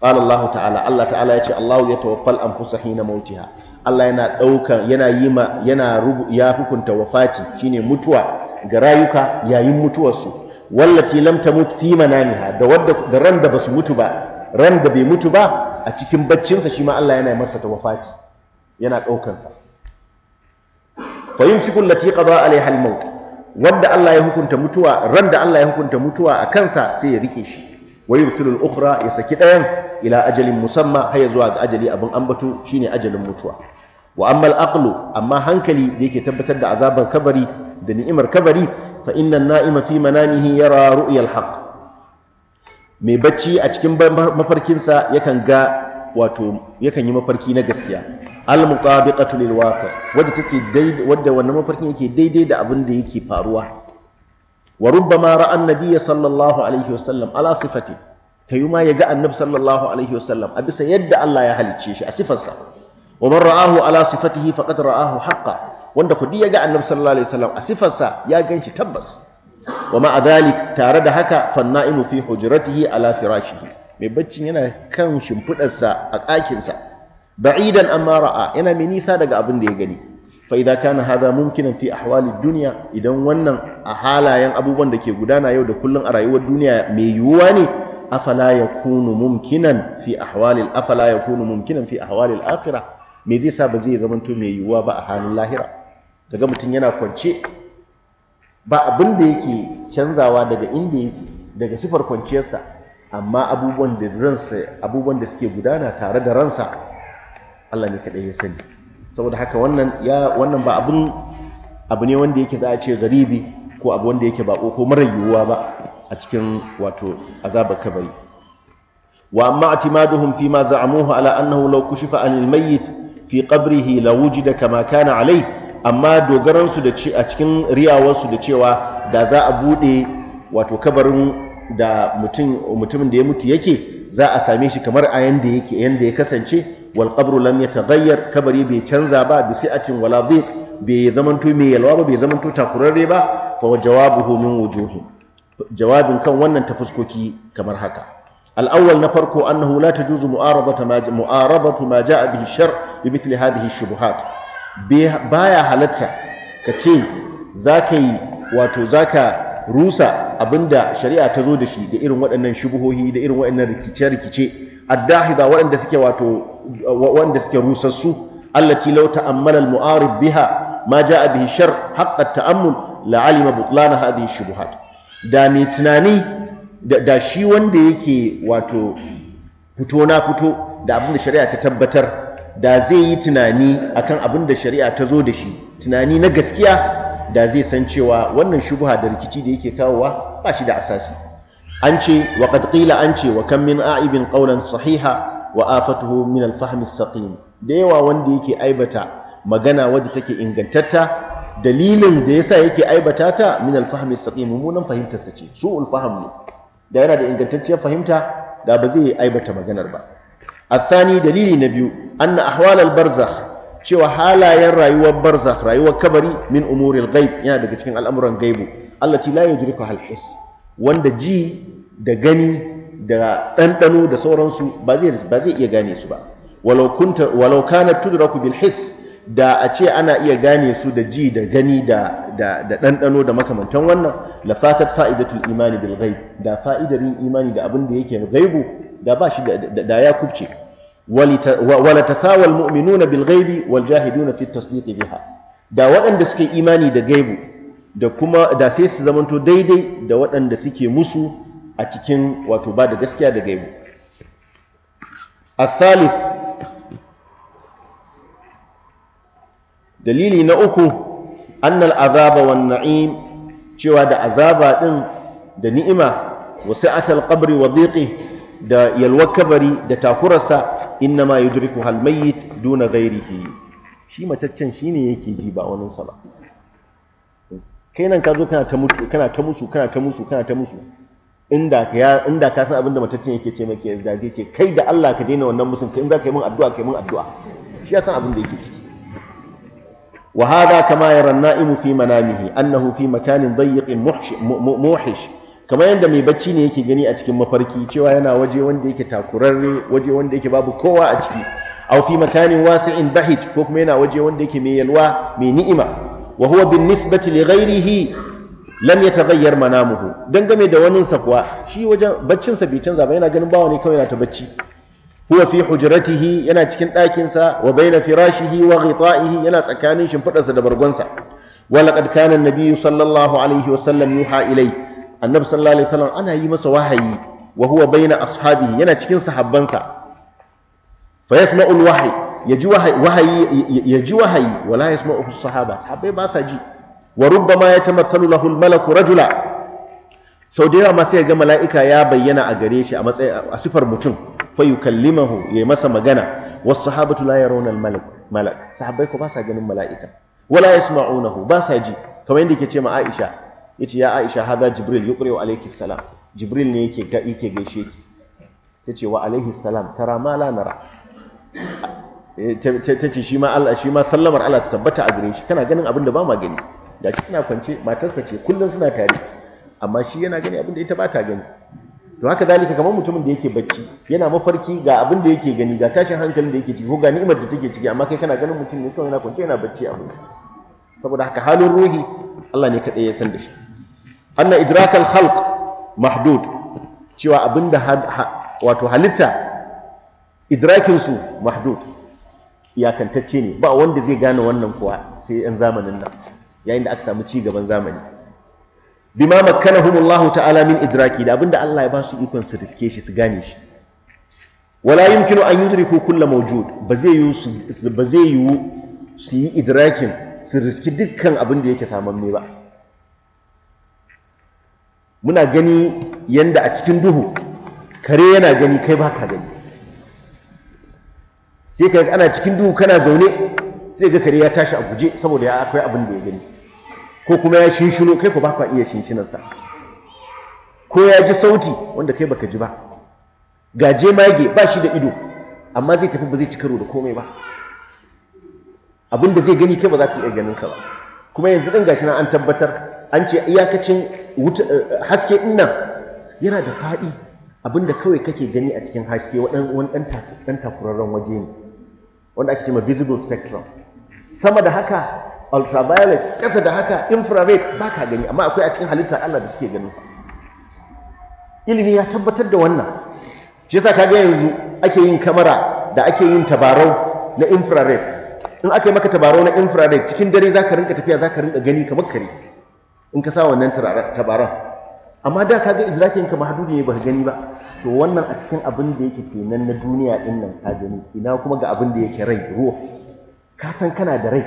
قال ta'ala تعالى الله تعالى ya الله يتوفى الانفس حين موتها الله yana dauka yana yima yana ya hukunta wafati shine mutuwa ga rayuka yayin mutuwarsu wallati lam tamut fi manamiha da wadda da ran da basu mutu ba ran da bai mutu ba a cikin baccinsa shi ma Allah yana masa tawafati yana Fati sa fa yumsiku allati qada alaiha al wanda Allah ya hukunta mutuwa ran da Allah ya hukunta mutuwa a kansa sai ya rike shi wa yursilu al-ukhra ya saki ɗayan ila ajalin musamma har zuwa ga ajali abin ambato shine ajalin mutuwa wa amma al-aqlu amma hankali da yake tabbatar da azabar kabari da ni'imar kabari fa inna na'ima fi manamihi yara ru'yal haqq mai bacci a cikin mafarkinsa yakan ga wato yakan yi mafarki na gaskiya al muqabiqatu lil waqi wadda take daidai wadda wannan mafarkin yake daidai da abin da yake faruwa wa rubbama ra'a annabiyya sallallahu alaihi wasallam ala sifati ma ya ga annabi sallallahu alaihi wasallam a bisa yadda Allah ya halicce shi a sifarsa wa man ra'ahu ala sifatihi faqad ra'ahu haqqan wanda kudi ya ga annabi sallallahu alaihi wasallam a sifarsa ya ganshi tabbas wa ma tare da haka fanna'imu fi hujratihi ala firashihi mai baccin yana kan sa a ɗakinsa ba'idan amma ra'a yana mai nisa daga abin da ya gani fa idza kana hadha mumkinan fi ahwali dunya idan wannan a halayen abubuwan da ke gudana yau da kullun a rayuwar duniya mai yiwuwa ne afala yakunu mumkinan fi ahwali afala yakunu mumkinan fi ahwali al-akhirah me zai sa ba zai zamanto mai yiwuwa ba a halin lahira daga mutum yana kwance ba abin da yake canzawa daga inda yake daga sifar kwanciyarsa amma abubuwan da ransa abubuwan da suke gudana tare da ransa Allah ne kaɗai ya sani saboda haka wannan ya wannan ba abin abu ne wanda yake za a ce garibi ko abu wanda yake ba ko mara yiwuwa ba a cikin wato azabar kabari wa amma atimaduhum fi ma za'amuhu ala annahu law kushifa anil mayyit fi qabrihi lawujida kama kana alayhi amma dogaransu da a cikin riyawarsu da cewa da za a buɗe wato kabarin da mutumin da ya mutu yake za a same shi kamar a yanda yake yanda ya kasance wal qabru lam yataghayyar kabari bai canza ba bi si'atin wala dhiq bai zamanto mai yalwa ba bai zamanto takurarre ba fa jawabuhu min wujuhin jawabin kan wannan ta fuskoki kamar haka al-awwal na farko annahu la tajuzu mu'aradatu ma mu'aradatu ma ja'a bihi shar bi mithli hadhihi shubuhat baya halatta ka ce za ka yi wato za ka rusa abinda shari'a ta zo da shi da irin waɗannan shubuhohi da irin waɗannan rikice-rikice addahida waɗanda suke wato waɗanda suke rusassu allati law ta'ammala al-mu'arib biha ma a bihi shar haqqa ta'ammul la'alima butlan hadhihi shubuhat da mai tunani da shi wanda yake wato fito na fito da abinda shari'a ta tabbatar da zai yi tunani akan abin da shari'a ta zo da shi tunani na gaskiya da zai san cewa wannan shubha da rikici da yake kawowa ba shi da asasi an ce wa qad an ce wa kam min a'ibin qawlan sahiha wa afatuhu min al-fahm da yawa wanda yake aibata magana wadda take ingantatta dalilin da yasa yake aibata ta min al-fahm as-saqim mummunan fahimtar ce su'ul fahm ne da yana da ingantacciyar fahimta da ba zai aibata maganar ba athani dalili na biyu anna ahwalal barzakh cewa halayen rayuwar barzakh rayuwar kabari min umuril gaib yana daga cikin al'amuran gaibu allati la yudriku hal his wanda ji da gani da ɗanɗano da sauransu ba zai iya gane su ba walau kunta walau kanat tudraku bil his da a ce ana iya gane su da ji da gani da ɗanɗano da makamantan wannan la fatat fa'idatul imani bil ghaib da fa'idar yin imani da abin da yake gaibu da ba shi da ya kubce wala tasawa mu'minuna bil ghaibi wal jahiduna fi tasdiq biha da waɗanda suke imani da gaibu da kuma da sai su zamanto daidai da waɗanda suke musu a cikin wato ba da gaskiya da gaibu الثالث dalili na uku annal azaba wa na'im cewa da azaba din da ni'ima wa sa'atal qabri wa dhiqi da yalwar kabari da takurarsa innama yudriku hal mayyit duna ghairihi shi mataccen shine yake ji ba wani sala kai nan ka zo kana ta mutu kana ta musu kana ta musu kana ta musu inda ka inda ka san abin da mataccen yake ce maka da zai ce kai da Allah ka daina wannan musun kai in za ka yi min addu'a kai min addu'a shi ya san abin da yake ciki وهذا كما يرى النائم في منامه انه في مكان ضيق موحش كما yadda mai bacci ne yake gani a cikin mafarki cewa yana waje wanda yake takurarre waje wanda yake babu kowa a ciki aw fi makanin wasi'in bahij ko kuma yana waje wanda yake mai yalwa mai ni'ima wa huwa bin nisbati li ghairihi lam yataghayyar manamuhu dangane da waninsa kuwa shi wajen baccin sa bai canza ba yana ganin ba wani kawai yana ta bacci huwa fi hujratihi yana cikin ɗakinsa wa baina firashihi wa ghita'ihi yana tsakanin shimfiɗarsa da bargonsa wa laqad kana an sallallahu alaihi wasallam yuha ilai annabi sallallahu alaihi sallam ana yi masa wahayi wa huwa baina ashabihi yana cikin sa fa yasma'u al-wahyi yaji wahayi yaji wahayi wa la yasma'uhu as-sahaba sahabbai ba sa ji wa rubbama yatamathalu lahu al-malaku rajula sau da yawa ma sai ga mala'ika ya bayyana a gare shi a matsayin a sifar mutum fayukallimahu ya yayi masa magana wasu sahabatu la yarawna raunar malak malak sahabbai ko ba sa ganin mala'ika wala yasma'unahu ba sa ji kamar yadda yake ce ma Aisha yace ya Aisha hadha Jibril wa alayki salam Jibril ne yake yake gaishe ki tace wa alayhi salam tara ma la nara eh, tace shi ma Allah shi ma sallamar Allah ta tabbata a gare shi kana ganin abin da ba ma gani shi suna kwance matarsa ce kullum suna tare amma shi yana gani abin da ita ba ta gani to haka zalika kamar mutumin da yake bacci yana mafarki ga abin da yake gani ga tashin hankalin da yake ciki ko ga ni'imar da take ciki amma kai kana ganin mutum ne kawai yana kwance yana bacci a sa saboda haka halin ruhi Allah ne kadai ya san da shi anna idrakal khalq mahdud cewa abin da wato halitta idrakin su mahdud iyakantacce ne ba wanda zai gane wannan kuwa sai yan zamanin nan yayin da aka samu ci gaban zamani bima makkanahumullahu ta'ala min idraki da abinda Allah ya ba su ikon su riske shi su gane shi wala yumkinu an yudriku kull mawjud ba zai yiwu ba zai yiwu su yi idrakin su riski dukkan abinda yake yake me ba muna gani yanda a cikin duhu kare yana gani kai ba gani sai ka ana cikin duhu kana zaune sai ga kare ya tashi a guje saboda ya akwai abin da ya gani ko kuma ya shinshino kai ku ba iya shinshinansa ko ya ji sauti wanda kai baka ji ba gaje mage ba shi da ido amma zai tafi ba zai ci karo da komai ba abin zai gani kai ba za ka iya ganinsa ba kuma yanzu ɗin gashi na an tabbatar an ce iyakacin haske ina yana da faɗi abinda kawai kake gani a cikin haske wani ɗan takurarren waje ne wanda ake ce ma visible spectrum sama da haka ultraviolet ƙasa da haka infrared ba ka gani amma akwai a cikin halitta Allah da suke ganin sa ilimi ya tabbatar da wannan shi yasa kaga yanzu ake yin kamera da ake yin tabarau na infrared in aka yi maka tabarau na infrared cikin dare za ka rinka tafiya za ka rinka gani kamar kare in ka sa wannan tabaran amma da kaga idrakin ka mahdudi ne ba ka gani ba to wannan a cikin abin da yake kenan na duniya din nan ka gani ina kuma ga abin da yake rai ruwa ka san kana da rai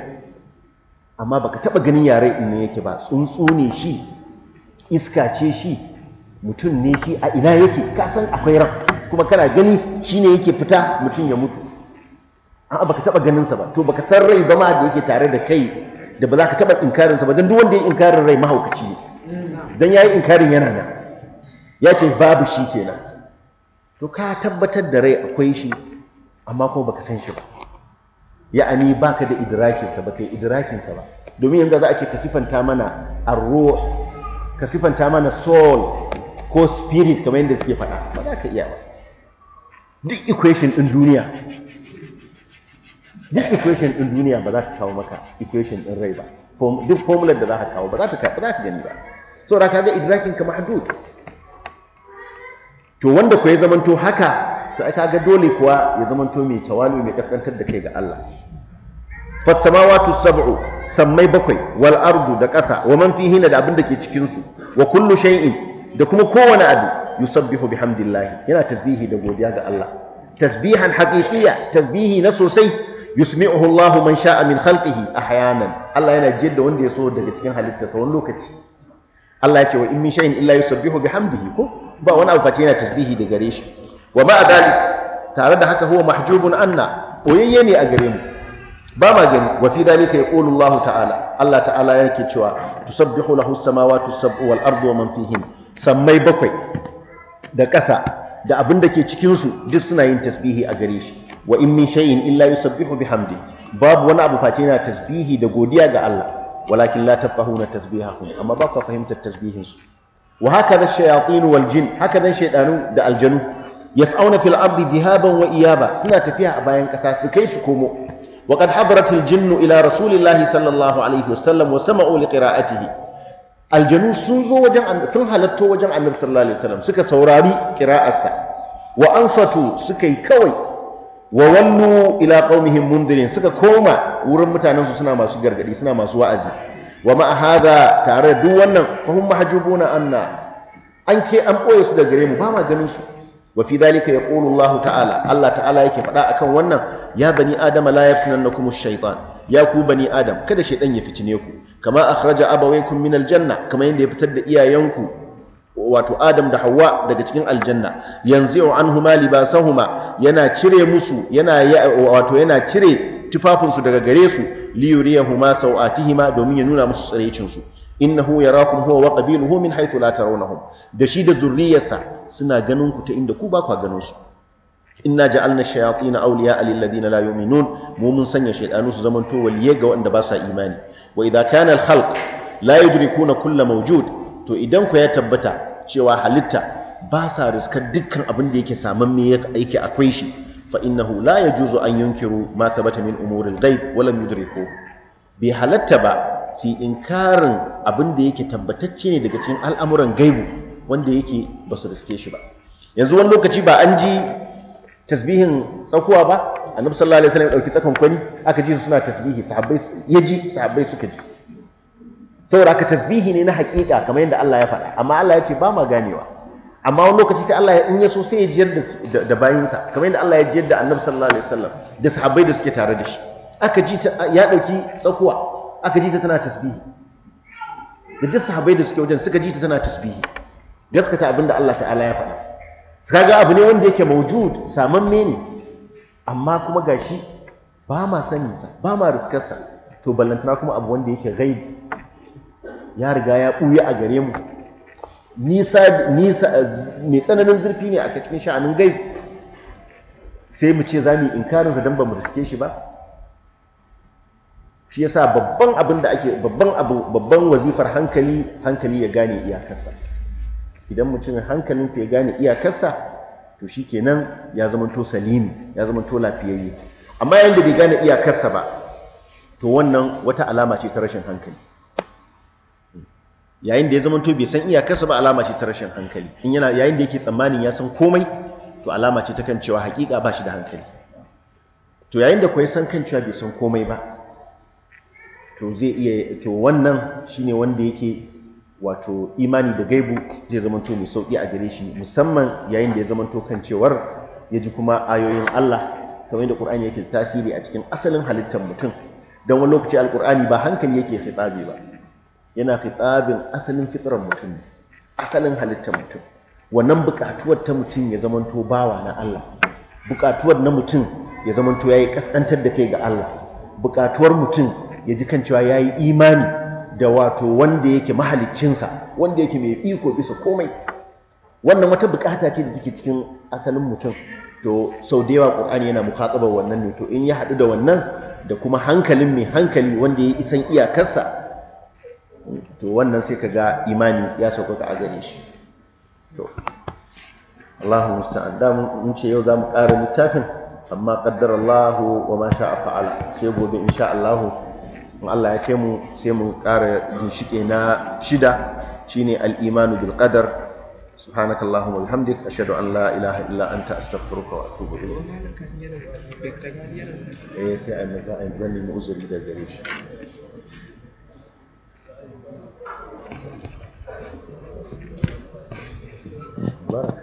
amma baka taba ganin yare inna yake ba tsuntsu ne shi iska ce shi mutum ne shi a ina yake ka akwai ran kuma kana gani shi ne yake fita mutum ya mutu a'a baka taba ganin sa ba to baka san rai ba ma da yake tare da kai da ba za ka taba inkarin sa ba dan duk wanda ya inkarin rai mahaukaci ne dan yayi inkarin yana na ya ce babu shi kenan to ka tabbatar da rai akwai shi amma kuma baka san shi ba ya'ani baka da idrakinsa ba kai idrakinsa ba domin yanzu za a ce ka sifanta mana arruh ka sifanta mana soul ko spirit kamar yadda suke faɗa ba za ka iya ba duk equation ɗin duniya duk equation ɗin duniya ba za ta kawo maka equation ɗin rai ba duk formula da za ka kawo ba za ta gani ba saboda ka ga idrakin ka mahdud to wanda ku ya zamanto haka to ai ga dole kuwa ya zamanto mai tawalu mai kaskantar da kai ga Allah fassamawatu sab'u sammai bakwai wal ardu da ƙasa wa man fihi da abin da ke cikin su wa kullu shay'in da kuma kowane abu yusabbihu bihamdillah yana tasbihi da godiya ga Allah tasbihan haqiqiyya tasbihi na sosai yusmi'uhu Allahu man sha'a min khalqihi ahyanan Allah yana jiyar da wanda ya so daga cikin halittarsa wani lokaci Allah ya ce wa in min shay'in illa yusabbihu bihamdihi ko ba wani abu kace yana tasbihi da gare shi wa ma'a dalik tare da haka huwa mahjubun anna boyayye ne a gare mu ba ma gani wa fi dalika yaqulu Allah ta'ala Allah ta'ala yake cewa tusabbihu lahu samawati sab'u wal ardu wa man fihin sammai bakwai da ƙasa da abin da ke cikin su duk suna yin tasbihi a gare shi wa in min shay'in illa yusabbihu bihamdi babu wani abu face yana tasbihi da godiya ga Allah walakin la tafahuna tasbihahum amma ba ku fahimtar tasbihin su wa hakadha ash-shayatin wal jin hakadha shaytanu da aljanu yas'auna fil ardi dhahaban wa iyaba suna tafiya a bayan ƙasa su kai su komo وقد حضرت الجن إلى رسول الله صلى الله عليه وسلم وسمعوا لقراءته الجنو سنزو وجن سن حلتو وجن النبي صلى الله عليه وسلم سكا سوراري قراءة وأنصتوا سكي كوي وولوا إلى قومهم منذرين سكا كوما ورمتا ننسو سنا ما سجر قدي سنا ما سوازي ومع هذا تارى دو ونن فهم محجوبون أن أنكي أم أويس دا جريمو باما جنوسو wa fi dhalika yaqulu Allah ta'ala Allah ta'ala yake faɗa akan wannan ya bani adama la yaftinannakum ash-shaytan ya ku bani adam kada ɗan ya fitine ku kama akhraja abawaykum min al-janna kama yanda ya fitar da iyayenku wato Adam da hawa daga cikin aljanna yanzu yau libasahuma yana cire musu yana wato yana cire tufafinsu daga gare su li yuriyahuma sawatihima domin ya nuna musu tsaraicinsu innahu yarakum huwa wa qabiluhu min haythu la tarawnahum da shi da zurriyarsa suna ganin ku ta inda ku ba ku ganin su inna ja'alna shayatin awliya lil ladina la yu'minun mu mun sanya shaydanu su zaman to waliye ga wanda ba sa imani wa Kanal kana al khalq la yudrikuna kull mawjud to idan ku ya tabbata cewa halitta ba sa riskar dukkan abin da yake saman me yake akwai shi fa innahu la yajuzu an yunkiru ma thabata min umuri al ghaib wa lam yudriku bi halatta ba su yi inkarin abin da yake tabbatacce ne daga cikin al'amuran gaibu wanda yake ba su riske shi ba yanzu wani lokaci ba an ji tasbihin tsakuwa ba annabi sallallahu alaihi wasallam ya dauki tsakan kwani aka ji su suna tasbihi sahabbai ya ji sahabbai suka ji saboda aka tasbihi ne na hakika kamar yadda Allah ya faɗa amma Allah ya ce ba ma ganewa amma wani lokaci sai Allah in ya so sai ya jiyar da bayinsa kamar yadda Allah ya jiyar da annabi sallallahu alaihi wasallam da sahabbai da suke tare da shi aka ji ya dauki tsakuwa aka ji ta tana tasbihi da duk sahabbai da suke wajen suka ji ta tana tasbihi gaskata abin da Allah ta'ala ya faɗa suka ga abu ne wanda yake maujud saman ne amma kuma gashi ba ma saninsa ba ma riskarsa to ballantana kuma abu wanda yake gai ya riga ya ɓuya a gare mu nisa nisa mai tsananin zurfi ne a cikin sha'anin gai. sai mu ce za mu yi inkarinsa don ba mu riske shi ba shi yasa babban abin da ake babban abu babban wazifar hankali hankali ya gane iyakarsa idan mutum hankalinsa ya gane iyakarsa to shi kenan ya zamanto salimi ya zamanto lafiyayye amma yadda bai gane iyakarsa ba to wannan wata alama ce ta rashin hankali yayin da ya zamanto bai san iyakarsa ba alama ce ta rashin hankali in yana yayin da yake tsammanin ya san komai to alama ce ta kan cewa hakika ba shi da hankali to yayin da kwai ya san kan cewa bai san komai ba to zai iya to wannan shine wanda yake wato imani da gaibu zai zamanto mai sauki a gare shi musamman yayin da ya zamanto kan cewar ya ji kuma ayoyin Allah kamar yadda Qur'ani yake tasiri a cikin asalin halittar mutum dan wani lokaci alqur'ani ba hankali yake fitabi ba yana fitabin asalin fitrar mutum asalin halittar mutum wannan bukatuwar ta mutum ya zamanto bawa na Allah bukatuwar na mutum ya zamanto yayi kaskantar da kai ga Allah bukatuwar mutum ya ji kan cewa ya yi imani da wato wanda yake mahaliccinsa wanda yake mai iko bisa komai wannan wata bukata ce da take cikin asalin mutum to sau da yawa ƙur'ani yana mukhatabar wannan ne to in ya haɗu da wannan da kuma hankalin mai hankali wanda ya isan iyakarsa to wannan sai ka ga imani ya sauƙaƙa a gare shi to Allahu musta'an da mun ce yau za mu ƙara littafin amma qaddara Allahu wa ma sha'a fa'ala sai gobe insha Allahu in Allah ya kai mu sai mu ƙara ginshiƙe na shida shine al-imanu bil qadar سبحانك اللهم وبحمدك اشهد ان لا اله الا انت استغفرك واتوب اليك ايه سي انا زعيم بني مؤذر ده جريش بارك